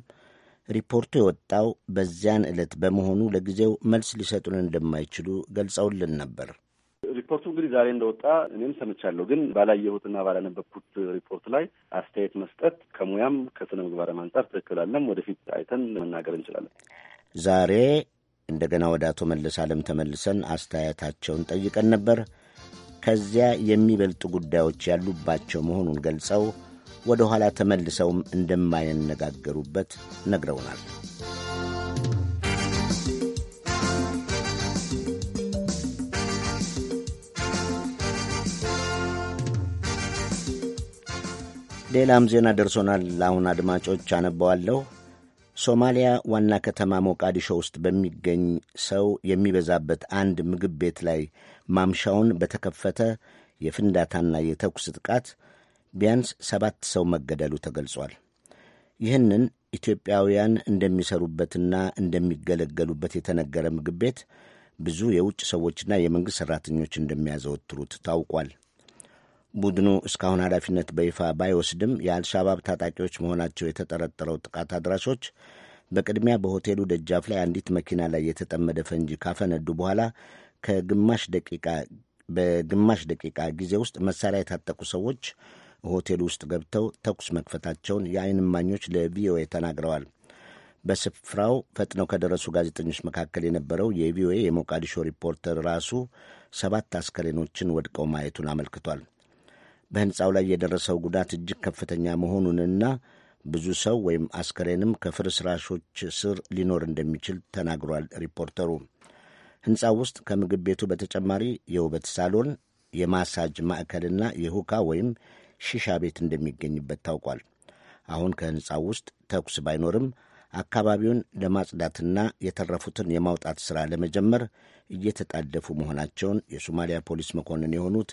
ሪፖርቱ የወጣው በዚያን ዕለት በመሆኑ ለጊዜው መልስ ሊሰጡን እንደማይችሉ ገልጸውልን ነበር። ሪፖርቱ እንግዲህ ዛሬ እንደወጣ እኔም ሰምቻለሁ፣ ግን ባላየሁትና ባላነበብኩት ሪፖርት ላይ አስተያየት መስጠት ከሙያም ከስነ ምግባርም አንጻር ትክክል አለም። ወደፊት አይተን መናገር እንችላለን። ዛሬ እንደገና ወደ አቶ መለስ አለም ተመልሰን አስተያየታቸውን ጠይቀን ነበር። ከዚያ የሚበልጡ ጉዳዮች ያሉባቸው መሆኑን ገልጸው ወደ ኋላ ተመልሰውም እንደማይነጋገሩበት ነግረውናል። ሌላም ዜና ደርሶናል። ለአሁን አድማጮች አነባዋለሁ። ሶማሊያ ዋና ከተማ ሞቃዲሾ ውስጥ በሚገኝ ሰው የሚበዛበት አንድ ምግብ ቤት ላይ ማምሻውን በተከፈተ የፍንዳታና የተኩስ ጥቃት ቢያንስ ሰባት ሰው መገደሉ ተገልጿል። ይህንን ኢትዮጵያውያን እንደሚሰሩበትና እንደሚገለገሉበት የተነገረ ምግብ ቤት ብዙ የውጭ ሰዎችና የመንግሥት ሠራተኞች እንደሚያዘወትሩት ታውቋል። ቡድኑ እስካሁን ኃላፊነት በይፋ ባይወስድም የአልሻባብ ታጣቂዎች መሆናቸው የተጠረጠረው ጥቃት አድራሾች በቅድሚያ በሆቴሉ ደጃፍ ላይ አንዲት መኪና ላይ የተጠመደ ፈንጂ ካፈነዱ በኋላ ከግማሽ ደቂቃ በግማሽ ደቂቃ ጊዜ ውስጥ መሳሪያ የታጠቁ ሰዎች ሆቴሉ ውስጥ ገብተው ተኩስ መክፈታቸውን የዓይን እማኞች ለቪኦኤ ተናግረዋል። በስፍራው ፈጥነው ከደረሱ ጋዜጠኞች መካከል የነበረው የቪኦኤ የሞቃዲሾ ሪፖርተር ራሱ ሰባት አስከሬኖችን ወድቀው ማየቱን አመልክቷል። በሕንፃው ላይ የደረሰው ጉዳት እጅግ ከፍተኛ መሆኑንና ብዙ ሰው ወይም አስከሬንም ከፍርስራሾች ስር ሊኖር እንደሚችል ተናግሯል ሪፖርተሩ። ሕንፃው ውስጥ ከምግብ ቤቱ በተጨማሪ የውበት ሳሎን፣ የማሳጅ ማዕከልና የሁካ ወይም ሺሻ ቤት እንደሚገኝበት ታውቋል። አሁን ከሕንፃው ውስጥ ተኩስ ባይኖርም አካባቢውን ለማጽዳትና የተረፉትን የማውጣት ሥራ ለመጀመር እየተጣደፉ መሆናቸውን የሶማሊያ ፖሊስ መኮንን የሆኑት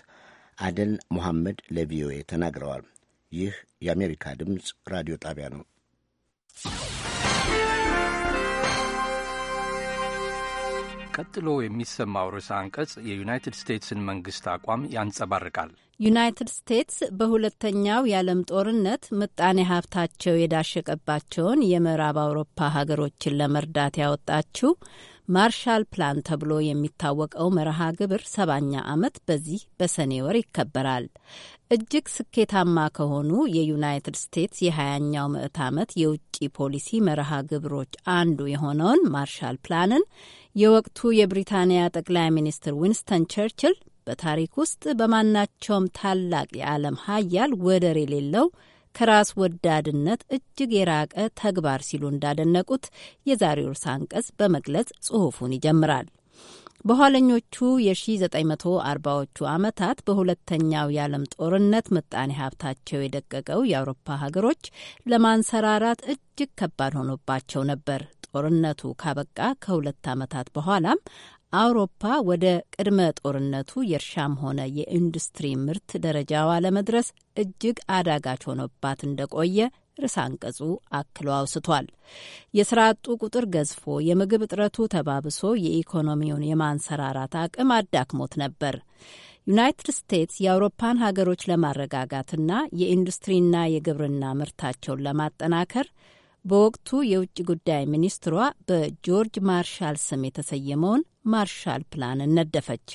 አደን ሞሐመድ ለቪኦኤ ተናግረዋል። ይህ የአሜሪካ ድምፅ ራዲዮ ጣቢያ ነው። ቀጥሎ የሚሰማው ርዕሰ አንቀጽ የዩናይትድ ስቴትስን መንግስት አቋም ያንጸባርቃል። ዩናይትድ ስቴትስ በሁለተኛው የዓለም ጦርነት ምጣኔ ሀብታቸው የዳሸቀባቸውን የምዕራብ አውሮፓ ሀገሮችን ለመርዳት ያወጣችው ማርሻል ፕላን ተብሎ የሚታወቀው መርሃ ግብር ሰባኛ ዓመት በዚህ በሰኔ ወር ይከበራል። እጅግ ስኬታማ ከሆኑ የዩናይትድ ስቴትስ የሀያኛው ምዕት ዓመት የውጭ ፖሊሲ መርሃ ግብሮች አንዱ የሆነውን ማርሻል ፕላንን የወቅቱ የብሪታንያ ጠቅላይ ሚኒስትር ዊንስተን ቸርችል በታሪክ ውስጥ በማናቸውም ታላቅ የዓለም ሀያል ወደር የሌለው ከራስ ወዳድነት እጅግ የራቀ ተግባር ሲሉ እንዳደነቁት የዛሬው ርዕሰ አንቀጽ በመግለጽ ጽሑፉን ይጀምራል። በኋለኞቹ የ1940ዎቹ ዓመታት በሁለተኛው የዓለም ጦርነት ምጣኔ ሀብታቸው የደቀቀው የአውሮፓ ሀገሮች ለማንሰራራት እጅግ ከባድ ሆኖባቸው ነበር። ጦርነቱ ካበቃ ከሁለት ዓመታት በኋላም አውሮፓ ወደ ቅድመ ጦርነቱ የእርሻም ሆነ የኢንዱስትሪ ምርት ደረጃዋ ለመድረስ እጅግ አዳጋች ሆኖባት እንደቆየ ርዕሰ አንቀጹ አክሎ አውስቷል። የስራ አጡ ቁጥር ገዝፎ፣ የምግብ እጥረቱ ተባብሶ የኢኮኖሚውን የማንሰራራት አቅም አዳክሞት ነበር። ዩናይትድ ስቴትስ የአውሮፓን ሀገሮች ለማረጋጋትና የኢንዱስትሪና የግብርና ምርታቸውን ለማጠናከር በወቅቱ የውጭ ጉዳይ ሚኒስትሯ በጆርጅ ማርሻል ስም የተሰየመውን ማርሻል ፕላን ነደፈች።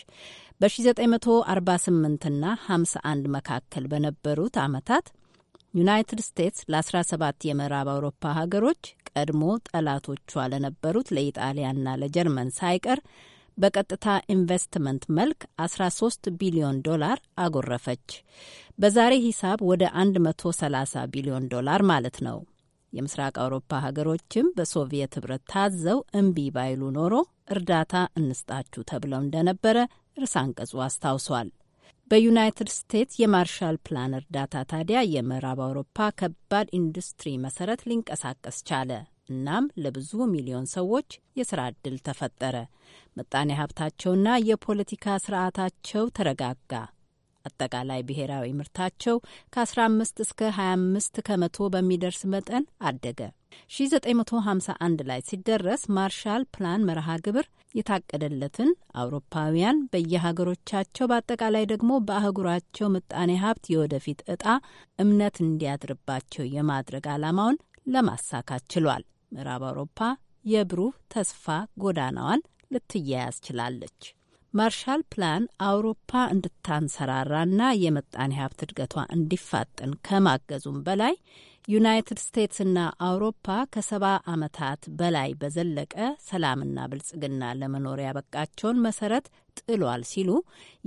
በ1948ና 51 መካከል በነበሩት ዓመታት ዩናይትድ ስቴትስ ለ17 የምዕራብ አውሮፓ ሀገሮች ቀድሞ ጠላቶቿ ለነበሩት ለኢጣሊያና ለጀርመን ሳይቀር በቀጥታ ኢንቨስትመንት መልክ 13 ቢሊዮን ዶላር አጎረፈች። በዛሬ ሂሳብ ወደ 130 ቢሊዮን ዶላር ማለት ነው። የምስራቅ አውሮፓ ሀገሮችም በሶቪየት ህብረት ታዘው እምቢ ባይሉ ኖሮ እርዳታ እንስጣችሁ ተብለው እንደነበረ ርዕሰ አንቀጹ አስታውሷል። በዩናይትድ ስቴትስ የማርሻል ፕላን እርዳታ ታዲያ የምዕራብ አውሮፓ ከባድ ኢንዱስትሪ መሰረት ሊንቀሳቀስ ቻለ። እናም ለብዙ ሚሊዮን ሰዎች የስራ ዕድል ተፈጠረ። ምጣኔ ሀብታቸውና የፖለቲካ ስርዓታቸው ተረጋጋ። አጠቃላይ ብሔራዊ ምርታቸው ከ15 እስከ 25 ከመቶ በሚደርስ መጠን አደገ። 1951 ላይ ሲደረስ ማርሻል ፕላን መርሃ ግብር የታቀደለትን አውሮፓውያን በየሀገሮቻቸው በአጠቃላይ ደግሞ በአህጉራቸው ምጣኔ ሀብት የወደፊት እጣ እምነት እንዲያድርባቸው የማድረግ ዓላማውን ለማሳካት ችሏል። ምዕራብ አውሮፓ የብሩህ ተስፋ ጎዳናዋን ልትያያዝ ችላለች። ማርሻል ፕላን አውሮፓ እንድታንሰራራና የመጣኔ ሀብት እድገቷ እንዲፋጠን ከማገዙም በላይ ዩናይትድ ስቴትስና አውሮፓ ከሰባ ዓመታት በላይ በዘለቀ ሰላምና ብልጽግና ለመኖር ያበቃቸውን መሰረት ጥሏል ሲሉ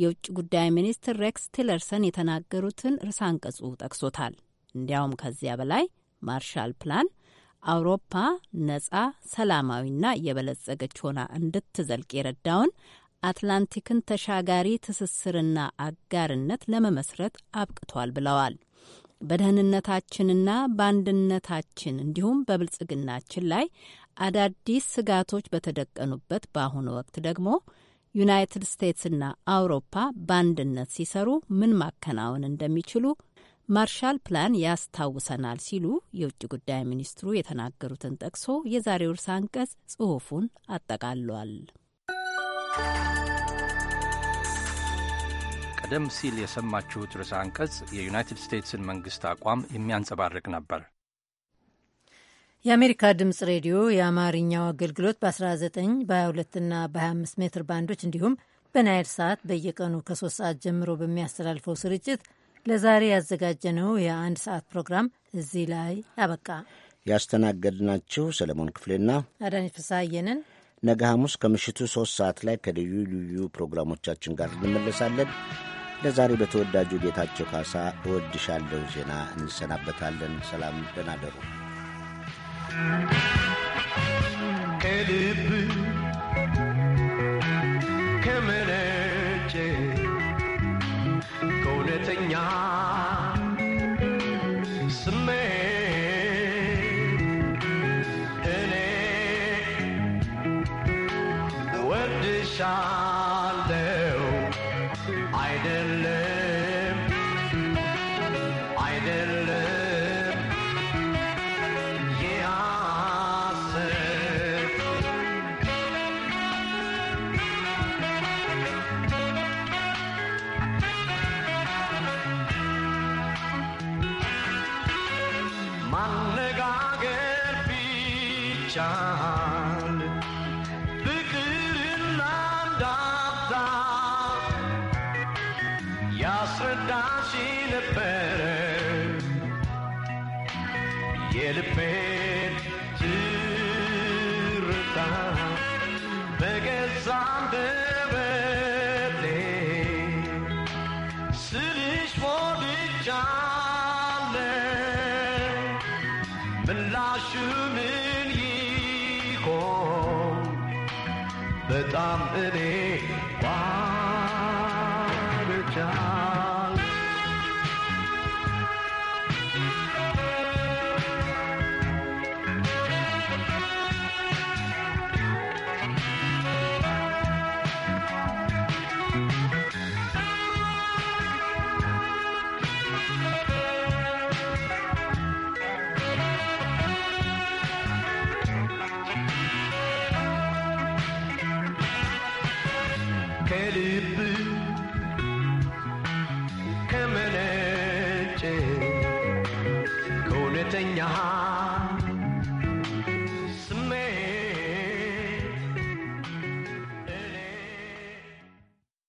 የውጭ ጉዳይ ሚኒስትር ሬክስ ቲለርሰን የተናገሩትን ርዕሰ አንቀጹ ጠቅሶታል። እንዲያውም ከዚያ በላይ ማርሻል ፕላን አውሮፓ ነጻ ሰላማዊና የበለጸገች ሆና እንድትዘልቅ የረዳውን አትላንቲክን ተሻጋሪ ትስስርና አጋርነት ለመመስረት አብቅቷል ብለዋል። በደህንነታችንና በአንድነታችን እንዲሁም በብልጽግናችን ላይ አዳዲስ ስጋቶች በተደቀኑበት በአሁኑ ወቅት ደግሞ ዩናይትድ ስቴትስና አውሮፓ በአንድነት ሲሰሩ ምን ማከናወን እንደሚችሉ ማርሻል ፕላን ያስታውሰናል ሲሉ የውጭ ጉዳይ ሚኒስትሩ የተናገሩትን ጠቅሶ የዛሬው ርዕሰ አንቀጽ ጽሑፉን አጠቃሏል። ቀደም ሲል የሰማችሁት ርዕሰ አንቀጽ የዩናይትድ ስቴትስን መንግሥት አቋም የሚያንጸባርቅ ነበር። የአሜሪካ ድምፅ ሬዲዮ የአማርኛው አገልግሎት በ19 በ22ና በ25 ሜትር ባንዶች እንዲሁም በናይል ሰዓት በየቀኑ ከሶስት ሰዓት ጀምሮ በሚያስተላልፈው ስርጭት ለዛሬ ያዘጋጀነው የአንድ ሰዓት ፕሮግራም እዚህ ላይ አበቃ። ያስተናገድናችሁ ሰለሞን ክፍሌና አዳነች ፍስሐዬ ነን። ነገ ሐሙስ ከምሽቱ ሦስት ሰዓት ላይ ከልዩ ልዩ ፕሮግራሞቻችን ጋር እንመለሳለን። ለዛሬ በተወዳጁ ጌታቸው ካሳ እወድሻለሁ ዜና እንሰናበታለን። ሰላም፣ ደህና ደሩ። shine.